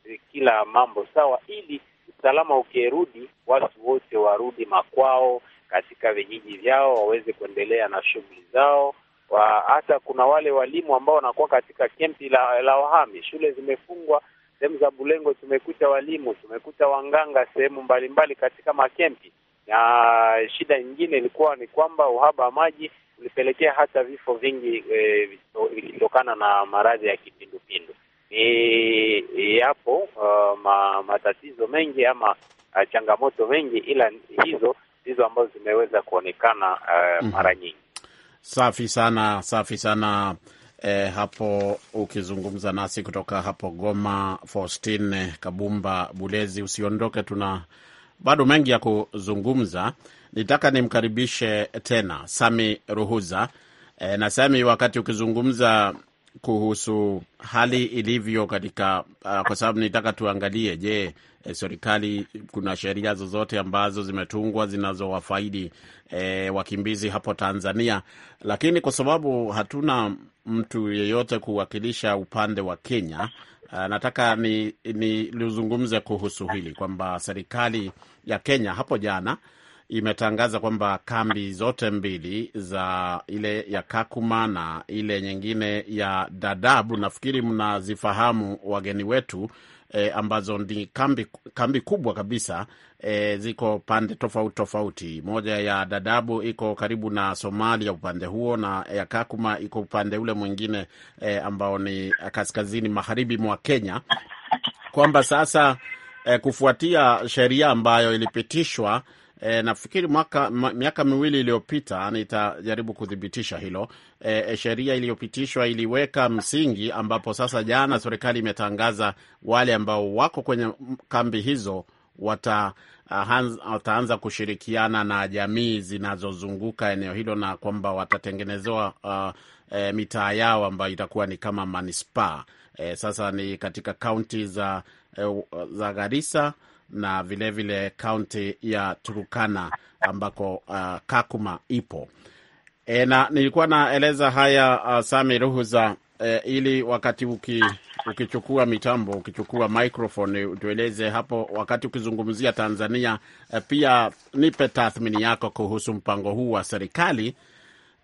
eh, kila mambo sawa, ili usalama ukirudi, watu wote warudi makwao katika vijiji vyao, waweze kuendelea na shughuli zao hata kuna wale walimu ambao wanakuwa katika kempi la, la wahami. Shule zimefungwa sehemu za Bulengo, tumekuta walimu, tumekuta wanganga sehemu mbalimbali katika makempi. Na shida nyingine ilikuwa ni kwamba uhaba wa maji ulipelekea hata vifo vingi vilitokana e, na maradhi ya kipindupindu. Ni yapo uh, ma, matatizo mengi ama e, changamoto mengi, ila hizo ndizo ambazo zimeweza kuonekana uh, mara nyingi. Safi sana, safi sana. E, hapo ukizungumza nasi kutoka hapo Goma, Faustin eh, Kabumba Bulezi, usiondoke, tuna bado mengi ya kuzungumza. Nitaka nimkaribishe tena Sami Ruhuza. E, na Sami, wakati ukizungumza kuhusu hali ilivyo katika uh, kwa sababu nitaka tuangalie, je, e, serikali kuna sheria zozote ambazo zimetungwa zinazowafaidi e, wakimbizi hapo Tanzania, lakini kwa sababu hatuna mtu yeyote kuwakilisha upande wa Kenya, a, eh, nataka nilizungumze ni kuhusu hili kwamba serikali ya Kenya hapo jana imetangaza kwamba kambi zote mbili za ile ya Kakuma na ile nyingine ya Dadaab, nafikiri mnazifahamu wageni wetu e, ambazo ni kambi, kambi kubwa kabisa e, ziko pande tofauti tofauti. Moja ya Dadabu iko karibu na Somalia upande huo, na ya Kakuma iko upande ule mwingine e, ambao ni kaskazini magharibi mwa Kenya, kwamba sasa e, kufuatia sheria ambayo ilipitishwa e, nafikiri mwaka, miaka miwili iliyopita, nitajaribu kuthibitisha hilo e, sheria iliyopitishwa iliweka msingi ambapo sasa jana serikali imetangaza wale ambao wako kwenye kambi hizo wata ah, wataanza kushirikiana na jamii zinazozunguka eneo hilo na kwamba watatengenezewa uh, e, mitaa yao ambayo itakuwa ni kama manispaa. E, sasa ni katika kaunti za, e, za Garissa na vilevile kaunti ya Turukana ambako uh, Kakuma ipo. E, na nilikuwa naeleza haya uh, Sami Ruhuza e, ili wakati uki, ukichukua mitambo ukichukua microphone utueleze hapo, wakati ukizungumzia Tanzania e, pia nipe tathmini yako kuhusu mpango huu wa serikali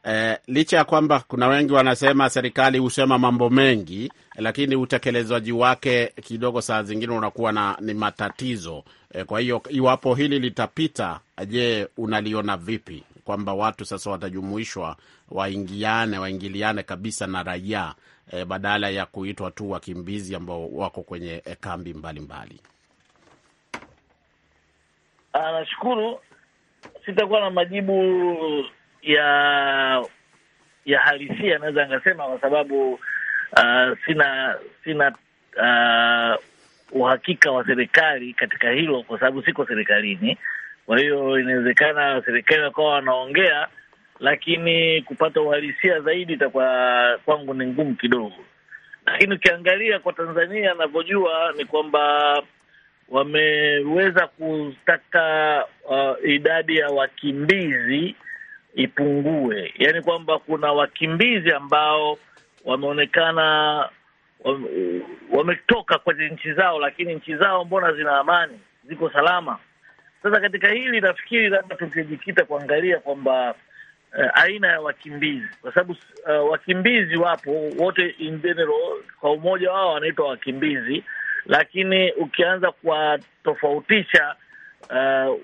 eh, licha ya kwamba kuna wengi wanasema serikali husema mambo mengi, lakini utekelezaji wake kidogo saa zingine unakuwa na ni matatizo eh, Kwa hiyo iwapo hili litapita, je, unaliona vipi kwamba watu sasa watajumuishwa, waingiane, waingiliane kabisa na raia eh, badala ya kuitwa tu wakimbizi ambao wako kwenye eh, kambi mbalimbali? Ah, nashukuru, sitakuwa na majibu ya ya halisia naweza ngasema, kwa sababu uh, sina sina uh, uhakika wa serikali katika hilo, kwa sababu siko serikalini. Kwa hiyo inawezekana serikali wakawa wanaongea, lakini kupata uhalisia zaidi itakuwa kwangu ni ngumu kidogo. Lakini ukiangalia kwa Tanzania, anavyojua ni kwamba wameweza kutaka uh, idadi ya wakimbizi ipungue, yaani kwamba kuna wakimbizi ambao wameonekana wametoka kwenye nchi zao, lakini nchi zao mbona zina amani, ziko salama. Sasa katika hili nafikiri labda tungejikita kuangalia kwamba uh, aina ya wakimbizi, kwa sababu uh, wakimbizi wapo wote in general, kwa umoja wao wanaitwa wakimbizi, lakini ukianza kuwatofautisha uh,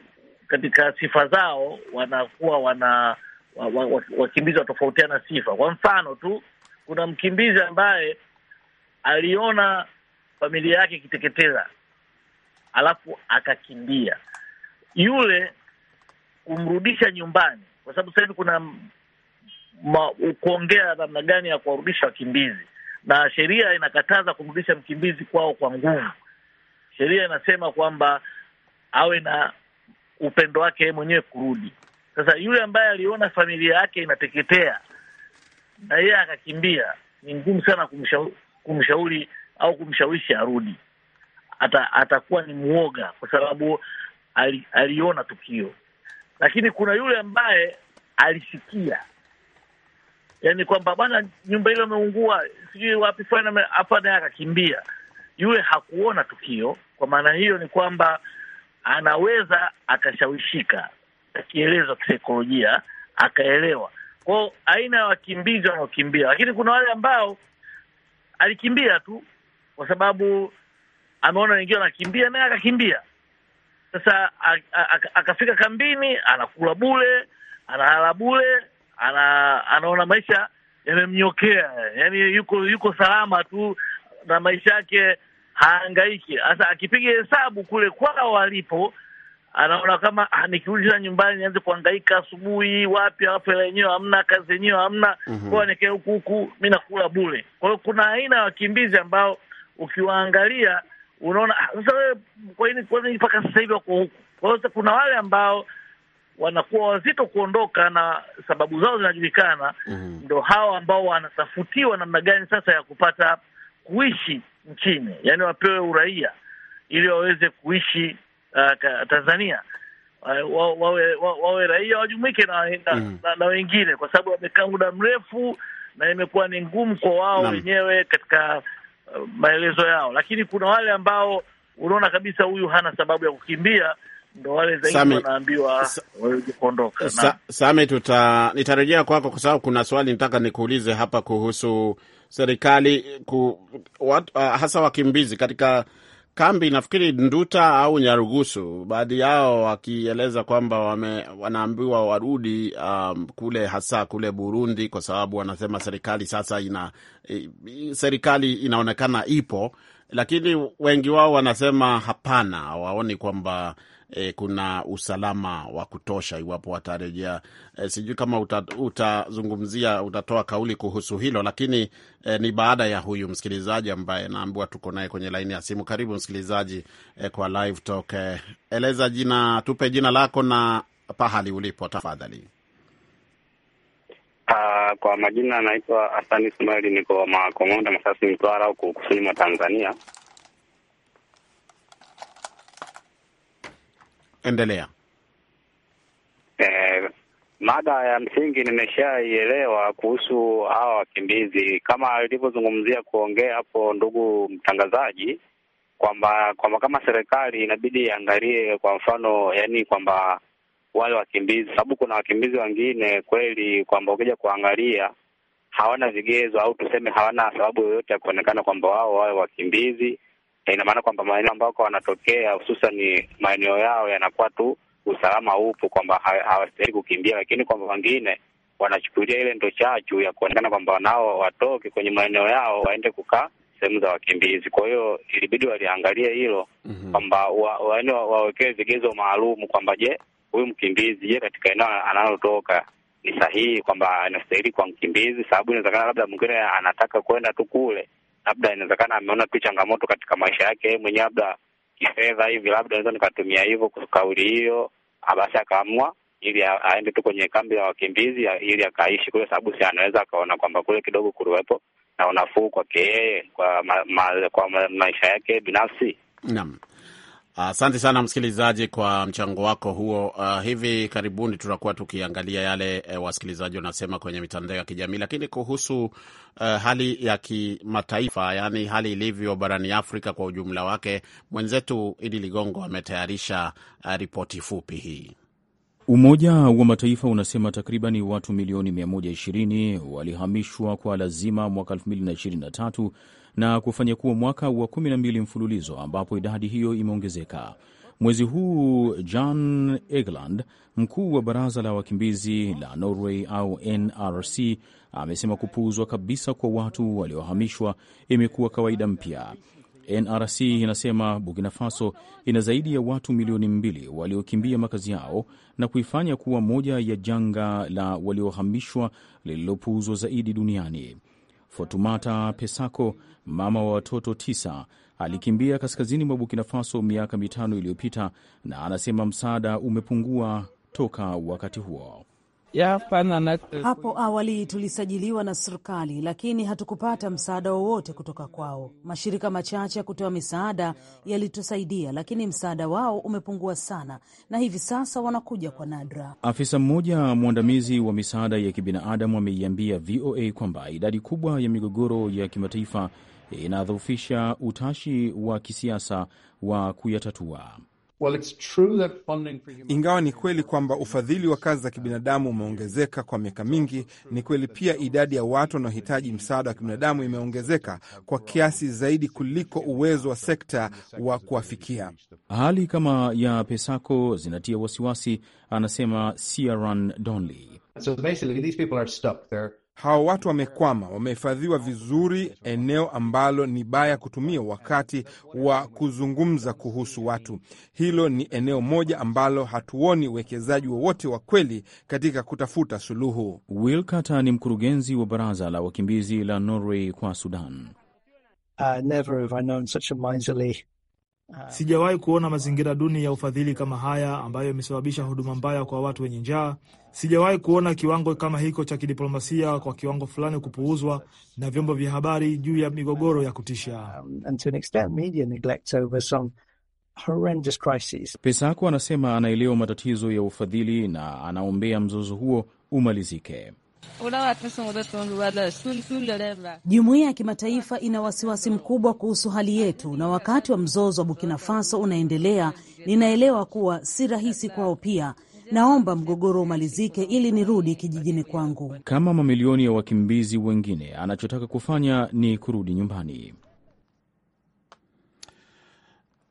katika sifa zao wanakuwa wana wakimbizi wa, wa, watofautiana sifa. Kwa mfano tu, kuna mkimbizi ambaye aliona familia yake ikiteketeza alafu akakimbia. Yule kumrudisha nyumbani, kwa sababu sasa hivi kuna ma, kuongea namna gani ya kuwarudisha wakimbizi, na sheria inakataza kumrudisha mkimbizi kwao kwa nguvu. Sheria inasema kwamba awe na upendo wake yeye mwenyewe kurudi. Sasa yule ambaye aliona familia yake inateketea na yeye akakimbia, ni ngumu sana kumshauri, kumshauri au kumshawishi arudi. Ata, atakuwa ni mwoga kwa sababu ali, aliona tukio. Lakini kuna yule ambaye alisikia yaani kwamba bwana, nyumba ile ameungua sijui wapi fulani hapa, naye akakimbia. Yule hakuona tukio, kwa maana hiyo ni kwamba anaweza akashawishika akielezwa kisaikolojia akaelewa kwao aina ya wakimbizi wanaokimbia, lakini kuna wale ambao alikimbia tu kwa sababu ameona wengine wanakimbia naye akakimbia. Sasa akafika kambini, anakula bule, analala bule, ana, anaona maisha yamemnyokea, yani yuko yuko salama tu na maisha yake haangaiki. Sasa akipiga hesabu kule kwao walipo, anaona kama ah, nikirudi tena nyumbani nianze kuangaika asubuhi, wapi wapi, hela yenyewe hamna, kazi yenyewe hamna, mm -hmm. nikae huku huku, mi nakula bule Kwa hiyo kuna aina ya wakimbizi ambao ukiwaangalia unaona ah, sasa, wewe kwa nini kwa nini mpaka sasa hivi wako huku? Kwa hiyo kuna wale ambao wanakuwa wazito kuondoka na sababu zao zinajulikana, mm -hmm. ndo hao ambao wanatafutiwa namna gani sasa ya kupata kuishi nchini, yani wapewe uraia ili waweze kuishi uh, Tanzania uh, wa, wa, wa, wa, raia wajumuike na, na, mm. na, na wengine kwa sababu wamekaa muda mrefu na imekuwa ni ngumu kwa wao wenyewe katika uh, maelezo yao, lakini kuna wale ambao unaona kabisa huyu hana sababu ya kukimbia ndo wale zaidi wanaambiwa kuondoka. Same, tuta nitarejea kwako kwa sababu kuna swali nitaka nikuulize hapa kuhusu serikali ku, wat, uh, hasa wakimbizi katika kambi nafikiri Nduta au Nyarugusu, baadhi yao wakieleza kwamba wame, wanaambiwa warudi um, kule hasa kule Burundi, kwa sababu wanasema serikali sasa ina serikali inaonekana ipo, lakini wengi wao wanasema hapana, waoni kwamba e, kuna usalama wa kutosha iwapo watarejea. E, sijui kama utazungumzia, uta utatoa kauli kuhusu hilo, lakini e, ni baada ya huyu msikilizaji ambaye naambiwa tuko naye kwenye laini ya simu. Karibu msikilizaji e, kwa live talk. E, eleza jina, tupe jina lako na pahali ulipo tafadhali. Uh, kwa majina anaitwa Hasani Ismaili, niko Makongonda, Masasi, Mtwara huku kusini mwa Tanzania. Endelea. Eh, mada ya msingi nimeshaielewa kuhusu hawa wakimbizi, kama ilivyozungumzia kuongea hapo ndugu mtangazaji, kwamba kwamba kama serikali inabidi iangalie kwa mfano, yani kwamba wale wakimbizi, sababu kuna wakimbizi wengine kweli kwamba ukija kuangalia hawana vigezo au tuseme hawana sababu yoyote ya kuonekana kwamba wao wawe wakimbizi na ina maana kwamba maeneo ambako wanatokea hususan ni maeneo yao yanakuwa tu usalama upo, kwamba hawastahili kukimbia, lakini kwamba wengine wanachukulia ile ndo chachu ya kuonekana kwamba nao watoke kwenye maeneo yao waende kukaa sehemu za wakimbizi. Kwa hiyo ilibidi waliangalie hilo mhm. kwamba waende wa, wawekewe vigezo maalum kwamba je, huyu mkimbizi, je, katika eneo analotoka ni sahihi kwamba anastahili kwa mkimbizi, sababu inawezekana labda mwingine anataka kwenda tu kule labda inawezekana ameona tu changamoto katika maisha yake mwenyewe, labda kifedha hivi, labda naweza nikatumia hivyo kauli hiyo, ah, basi akaamua ili aende tu kwenye kambi ya wakimbizi ili akaishi kule, sababu si anaweza akaona kwamba kule kidogo kuliwepo na unafuu kwake yeye kwa ma, ma, kwa maisha yake binafsi. Naam. Asante uh, sana msikilizaji kwa mchango wako huo. Uh, hivi karibuni tutakuwa tukiangalia yale uh, wasikilizaji wanasema kwenye mitandao ya kijamii, lakini kuhusu uh, hali ya kimataifa, yaani hali ilivyo barani Afrika kwa ujumla wake, mwenzetu Idi Ligongo ametayarisha uh, ripoti fupi hii. Umoja wa Mataifa unasema takribani watu milioni 120 walihamishwa kwa lazima mwaka 2023 na kufanya kuwa mwaka wa 12 mfululizo ambapo idadi hiyo imeongezeka. Mwezi huu John Egeland, mkuu wa baraza la wakimbizi la Norway au NRC, amesema kupuuzwa kabisa kwa watu waliohamishwa imekuwa kawaida mpya. NRC inasema Burkina Faso ina zaidi ya watu milioni mbili waliokimbia makazi yao na kuifanya kuwa moja ya janga la waliohamishwa lililopuuzwa zaidi duniani. Fortumata Pesako, mama wa watoto tisa, alikimbia kaskazini mwa Burkina Faso miaka mitano iliyopita na anasema msaada umepungua toka wakati huo. Eh, Hapo awali tulisajiliwa na serikali, lakini hatukupata msaada wowote kutoka kwao. Mashirika machache ya kutoa misaada yalitusaidia, lakini msaada wao umepungua sana, na hivi sasa wanakuja kwa nadra. Afisa mmoja mwandamizi wa misaada ya kibinadamu ameiambia VOA kwamba idadi kubwa ya migogoro ya kimataifa inadhoofisha utashi wa kisiasa wa kuyatatua. Ingawa ni kweli kwamba ufadhili wa kazi za kibinadamu umeongezeka kwa miaka mingi, ni kweli pia idadi ya watu wanaohitaji msaada wa kibinadamu imeongezeka kwa kiasi zaidi kuliko uwezo wa sekta wa kuwafikia. Hali kama ya Pesako zinatia wasiwasi, anasema Ciaran Donley. So basically these people are stuck there Hawa watu wamekwama, wamehifadhiwa vizuri eneo ambalo ni baya kutumia wakati wa kuzungumza kuhusu watu. Hilo ni eneo moja ambalo hatuoni uwekezaji wowote wa, kweli katika kutafuta suluhu. Will Carter ni mkurugenzi wa baraza la wakimbizi la Norway kwa Sudan. Uh, never have I known such a miserly uh, Sijawahi kuona mazingira duni ya ufadhili kama haya ambayo yamesababisha huduma mbaya kwa watu wenye njaa, Sijawahi kuona kiwango kama hiko cha kidiplomasia kwa kiwango fulani kupuuzwa na vyombo vya habari juu ya migogoro ya kutisha. Um, Pesako anasema anaelewa matatizo ya ufadhili na anaombea mzozo huo umalizike. Jumuiya ya kimataifa ina wasiwasi mkubwa kuhusu hali yetu, na wakati wa mzozo wa Burkina Faso unaendelea, ninaelewa kuwa si rahisi kwao pia, Naomba mgogoro umalizike ili nirudi kijijini kwangu. Kama mamilioni ya wakimbizi wengine, anachotaka kufanya ni kurudi nyumbani.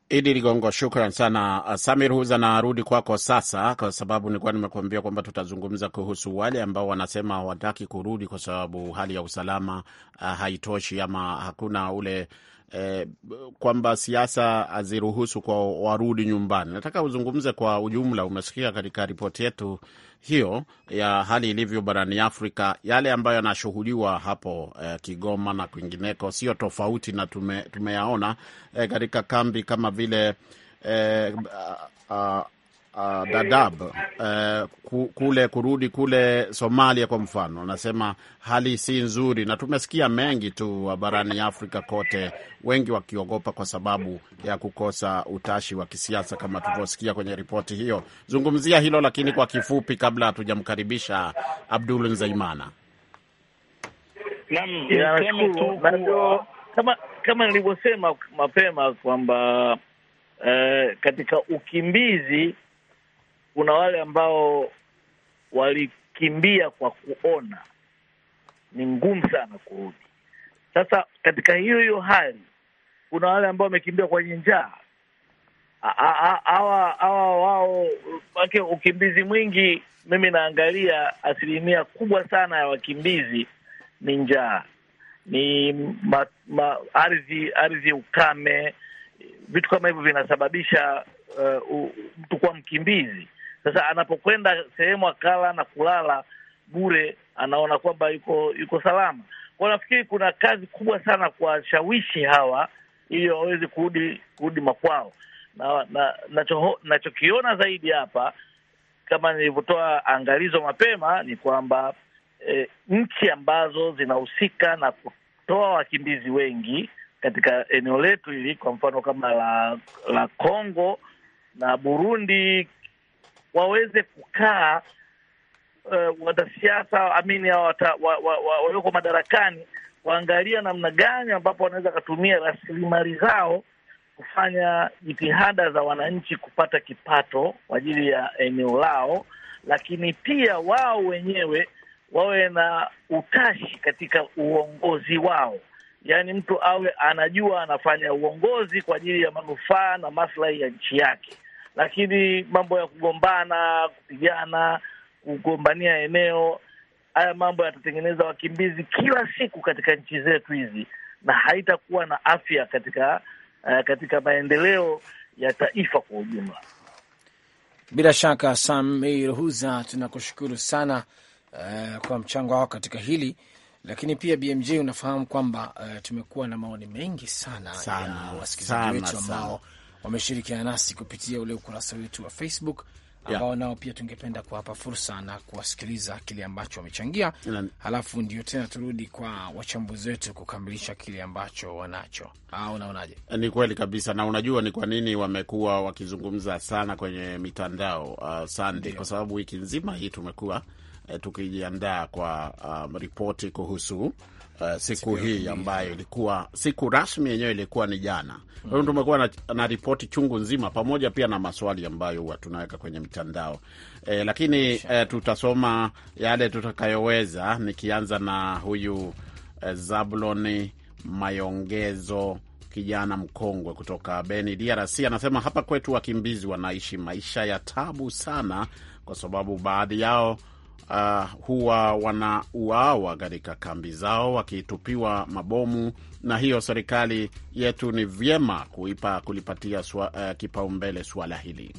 Idi Ligongo, shukran sana. Samir Huza, narudi kwako sasa, kwa sababu nilikuwa nimekuambia kwamba tutazungumza kuhusu wale ambao wanasema hawataki kurudi kwa sababu hali ya usalama uh, haitoshi ama hakuna ule eh, kwamba siasa haziruhusu kwa warudi nyumbani. Nataka uzungumze kwa ujumla, umesikia katika ripoti yetu hiyo ya hali ilivyo barani Afrika, yale ambayo yanashuhudiwa hapo eh, Kigoma na kwingineko sio tofauti na tume, tumeyaona eh, katika kambi kama vile eh, uh, uh, uh, Dadaab uh, kule kurudi kule Somalia kwa mfano, anasema hali si nzuri, na tumesikia mengi tu barani Afrika kote, wengi wakiogopa kwa sababu ya kukosa utashi wa kisiasa kama tulivyosikia kwenye ripoti hiyo. Zungumzia hilo lakini kwa kifupi, kabla hatujamkaribisha Abdul Nzaimana. kama kama nilivyosema mapema kwamba eh, katika ukimbizi kuna wale ambao walikimbia kwa kuona ni ngumu sana kurudi. Sasa katika hiyo hiyo hali kuna wale ambao wamekimbia kwenye njaa. Hawa hawa wao, wake ukimbizi mwingi, mimi naangalia asilimia kubwa sana ya wakimbizi ni njaa, ni ardhi ardhi ukame, vitu kama hivyo vinasababisha uh, mtu kuwa mkimbizi. Sasa anapokwenda sehemu akala na kulala bure, anaona kwamba yuko yuko salama. Kwa nafikiri kuna kazi kubwa sana kuwashawishi hawa ili waweze kurudi kurudi makwao, na nachokiona na, na zaidi hapa kama nilivyotoa angalizo mapema ni kwamba e, nchi ambazo zinahusika na kutoa wakimbizi wengi katika eneo letu hili, kwa mfano kama la la Kongo na Burundi, waweze kukaa uh, wanasiasa amini walioko wa, wa, wa, madarakani waangalia namna gani ambapo wanaweza wakatumia rasilimali zao kufanya jitihada za wananchi kupata kipato kwa ajili ya eneo lao, lakini pia wao wenyewe wawe na utashi katika uongozi wao, yaani mtu awe anajua anafanya uongozi kwa ajili ya manufaa na maslahi ya nchi yake lakini mambo ya kugombana, kupigana, kugombania eneo, haya mambo yatatengeneza wakimbizi kila siku katika nchi zetu hizi, na haitakuwa na afya katika uh, katika maendeleo ya taifa kwa ujumla. Bila shaka, sam Ruhuza, tunakushukuru sana uh, kwa mchango wao katika hili lakini pia BMJ unafahamu kwamba uh, tumekuwa na maoni mengi sana, sana ya wasikilizaji wetu ambao wameshirikiana nasi kupitia ule ukurasa wetu wa Facebook ambao yeah, nao pia tungependa kuwapa fursa na kuwasikiliza kile ambacho wamechangia, halafu ndio tena turudi kwa wachambuzi wetu kukamilisha kile ambacho wanacho. Ah, unaonaje? Ni kweli kabisa, na unajua ni kwa nini wamekuwa wakizungumza sana kwenye mitandao uh, Sunday, kwa sababu wiki nzima hii tumekuwa eh, tukijiandaa kwa um, ripoti kuhusu uh, siku hii ambayo ilikuwa siku rasmi yenyewe ilikuwa ni jana. Kwa hiyo tumekuwa na, na ripoti chungu nzima pamoja pia na maswali ambayo huwa tunaweka kwenye mtandao e, lakini e, tutasoma yale tutakayoweza, nikianza na huyu e, Zabloni Mayongezo kijana mkongwe kutoka Beni, DRC anasema hapa kwetu wakimbizi wanaishi maisha ya tabu sana, kwa sababu baadhi yao uh, huwa wanauawa katika kambi zao wakitupiwa mabomu, na hiyo serikali yetu ni vyema kuipa kulipatia swa, uh, kipaumbele suala hili.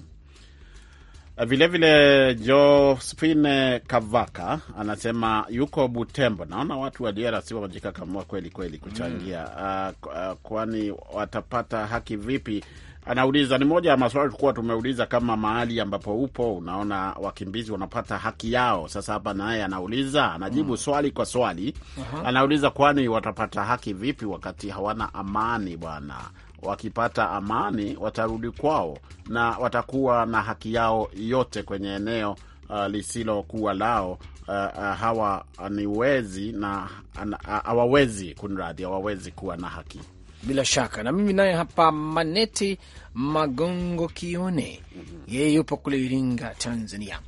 Vilevile eh, Josephine Kavaka anasema yuko Butembo. Naona watu wa DRC wamejikakamua kweli kweli kuchangia mm. uh, kwani watapata haki vipi anauliza ni moja ya maswali kuwa tumeuliza, kama mahali ambapo upo unaona wakimbizi wanapata haki yao. Sasa hapa naye anauliza, anajibu mm. swali kwa swali uh-huh. Anauliza, kwani watapata haki vipi wakati hawana amani bwana? Wakipata amani watarudi kwao na watakuwa na haki yao yote kwenye eneo uh, lisilokuwa lao. Uh, uh, hawa uh, ni wezi na hawawezi uh, kunradhi, hawawezi kuwa na haki bila shaka. Na mimi naye hapa Maneti Magongo Kione, yeye yupo kule Iringa, Tanzania,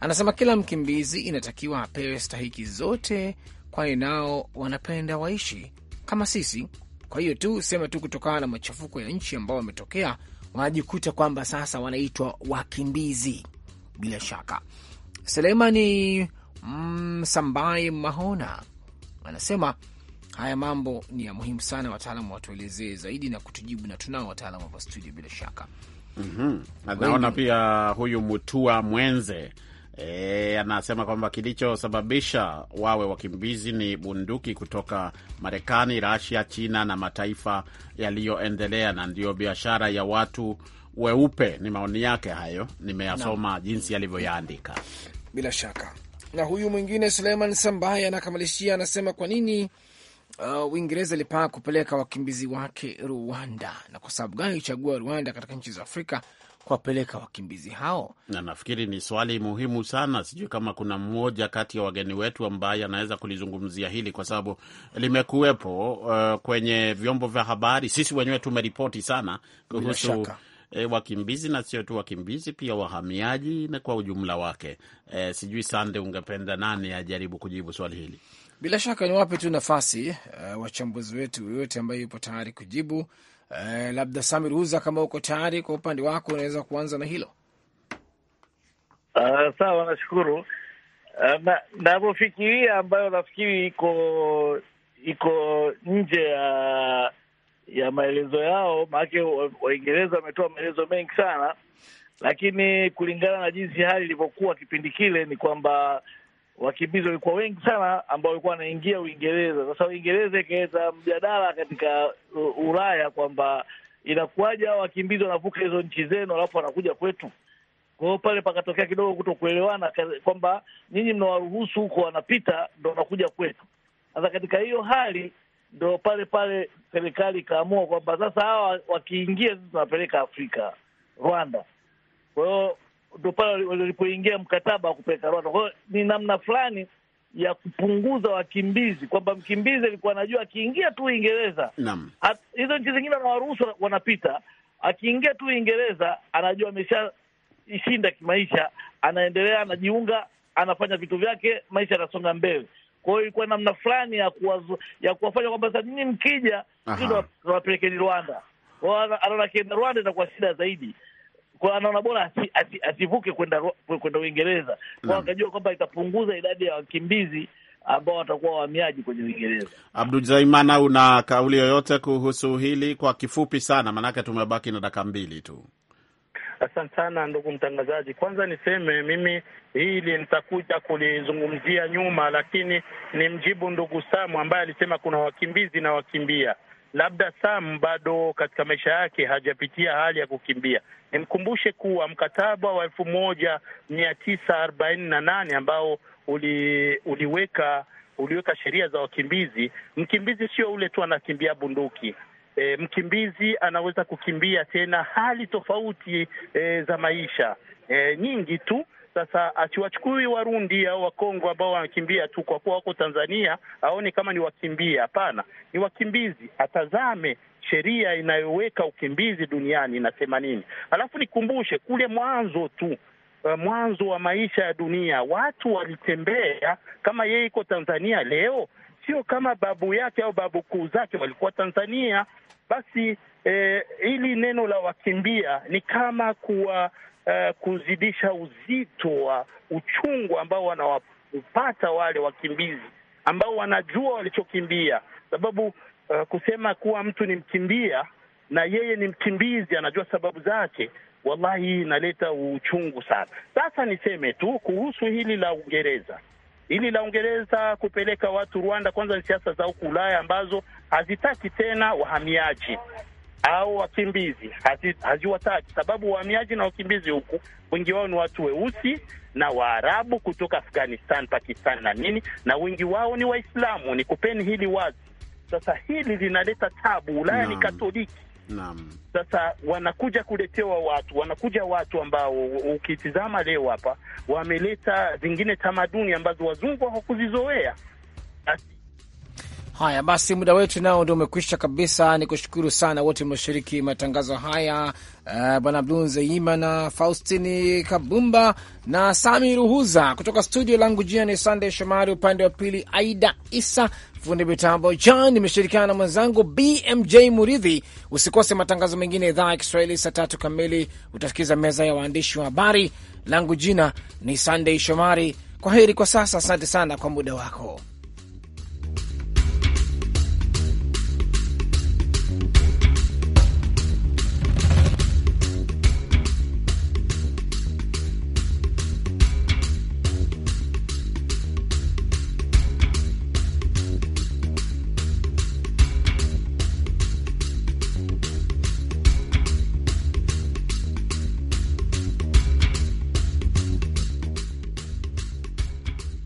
anasema kila mkimbizi inatakiwa apewe stahiki zote, kwani nao wanapenda waishi kama sisi. Kwa hiyo tu sema tu, kutokana na machafuko ya nchi ambao wametokea, wanajikuta kwamba sasa wanaitwa wakimbizi. Bila shaka, Selemani Msambai mm, Mahona anasema Haya mambo ni ya muhimu sana, wataalamu watuelezee zaidi na kutujibu, na tunao wataalamu hapa studio bila shaka. Mm -hmm. Naona pia huyu Mutua Mwenze E, anasema kwamba kilichosababisha wawe wakimbizi ni bunduki kutoka Marekani, Rasia, China na mataifa yaliyoendelea, na ndio biashara ya watu weupe. Ni maoni yake hayo, nimeyasoma jinsi yalivyoyaandika bila shaka. Na huyu mwingine Suleiman Sambaye anakamalishia, anasema kwa nini uh, ilipanga kupeleka wakimbizi wake Rwanda. Na kwa sababu gani ilichagua Rwanda katika nchi za Afrika kuwapeleka wakimbizi hao? Na nafikiri ni swali muhimu sana. Sijui kama kuna mmoja kati ya wageni wetu ambaye anaweza kulizungumzia hili, kwa sababu limekuwepo uh, kwenye vyombo vya habari. Sisi wenyewe tumeripoti sana kuhusu E, wakimbizi na sio tu wakimbizi, pia wahamiaji na kwa ujumla wake. E, sijui Sande, ungependa nani ajaribu kujibu swali hili? Bila shaka ni wape tu nafasi uh, wachambuzi wetu yoyote ambaye yupo tayari kujibu. Uh, labda Samir Huza, kama uko tayari kwa upande wako, unaweza kuanza na hilo. Uh, sawa, nashukuru uh, navyofikiria na ambayo nafikiri iko iko nje ya ya maelezo yao, maanake Waingereza wametoa maelezo mengi sana, lakini kulingana na jinsi hali ilivyokuwa kipindi kile ni kwamba wakimbizi walikuwa wengi sana ambao walikuwa wanaingia Uingereza. Sasa Uingereza ikaweza mjadala katika Ulaya kwamba inakuwaje hao wakimbizi wanavuka hizo nchi zenu alafu wanakuja kwetu. Kwa hiyo pale pakatokea kidogo kuto kuelewana kwamba nyinyi mnawaruhusu huko wanapita, ndo wanakuja kwetu. Sasa katika hiyo hali ndo pale pale serikali ikaamua kwamba sasa hawa wakiingia, sisi tunapeleka Afrika, Rwanda. Kwa hiyo ndo pale walipoingia mkataba wa kupeleka Rwanda. Kwa hiyo ni namna fulani ya kupunguza wakimbizi, kwamba mkimbizi alikuwa anajua akiingia tu Uingereza, hizo nchi zingine wanawaruhusu wanapita, akiingia tu Uingereza anajua ameshaishinda kimaisha, anaendelea, anajiunga, anafanya vitu vyake, maisha yanasonga mbele. Kwa hiyo ilikuwa namna fulani ya ya kuwafanya kwamba sasa nyinyi mkija, tunawapelekeni Rwanda. Anaona akienda Rwanda itakuwa shida zaidi kwa anaona bora asivuke kwenda kwenda Uingereza kwa akajua kwamba itapunguza idadi ya wakimbizi ambao watakuwa wahamiaji kwenye Uingereza. Abdul una kauli yoyote kuhusu hili kwa kifupi sana, maanake tumebaki na dakika mbili tu? Asante sana ndugu mtangazaji. Kwanza niseme mimi hili nitakuja kulizungumzia nyuma, lakini ni mjibu ndugu Samu ambaye alisema kuna wakimbizi na wakimbia labda Sam bado katika maisha yake hajapitia hali ya kukimbia. Nimkumbushe kuwa mkataba wa elfu moja mia tisa arobaini na nane ambao uli, uliweka uliweka sheria za wakimbizi, mkimbizi sio ule tu anakimbia bunduki. E, mkimbizi anaweza kukimbia tena hali tofauti e, za maisha e, nyingi tu sasa asiwachukui Warundi au Wakongo ambao wanakimbia tu kwa kuwa wako Tanzania, aone kama ni wakimbia. Hapana, ni wakimbizi. Atazame sheria inayoweka ukimbizi duniani inasema nini. Alafu nikumbushe kule mwanzo tu eh, mwanzo wa maisha ya dunia watu walitembea. Kama yeye iko Tanzania leo, sio kama babu yake au babu kuu zake walikuwa Tanzania basi eh, hili neno la wakimbia ni kama kuwa uh, kuzidisha uzito wa uchungu ambao wanawapata wale wakimbizi ambao wanajua walichokimbia, sababu uh, kusema kuwa mtu ni mkimbia na yeye ni mkimbizi, anajua sababu zake, wallahi inaleta uchungu sana. Sasa niseme tu kuhusu hili la Uingereza Hili la Uingereza kupeleka watu Rwanda, kwanza ni siasa za huku Ulaya ambazo hazitaki tena wahamiaji au wakimbizi, haziwataki sababu wahamiaji na wakimbizi huku wengi wao ni watu weusi na Waarabu kutoka Afghanistan, Pakistan na nini, na wengi wao ni Waislamu. Ni kupeni hili wazi sasa, hili linaleta tabu. Ulaya no. ni Katoliki Naam. Sasa wanakuja kuletewa watu, wanakuja watu ambao ukitizama leo hapa wameleta zingine tamaduni ambazo wazungu hawakuzizoea. Haya basi, muda wetu nao ndio umekwisha kabisa. Ni kushukuru sana wote mlioshiriki matangazo haya, uh, bwana Abdul Zeima na Faustini Kabumba na Sami Ruhuza kutoka studio langu. Jina ni Sandey Shomari, upande wa pili Aida Isa Fundi mitambo John, nimeshirikiana na mwenzangu BMJ Muridhi. Usikose matangazo mengine ya idhaa ya Kiswahili saa tatu kamili, utafikiza meza ya waandishi wa habari. Langu jina ni sandey Shomari. Kwa heri kwa sasa, asante sana kwa muda wako.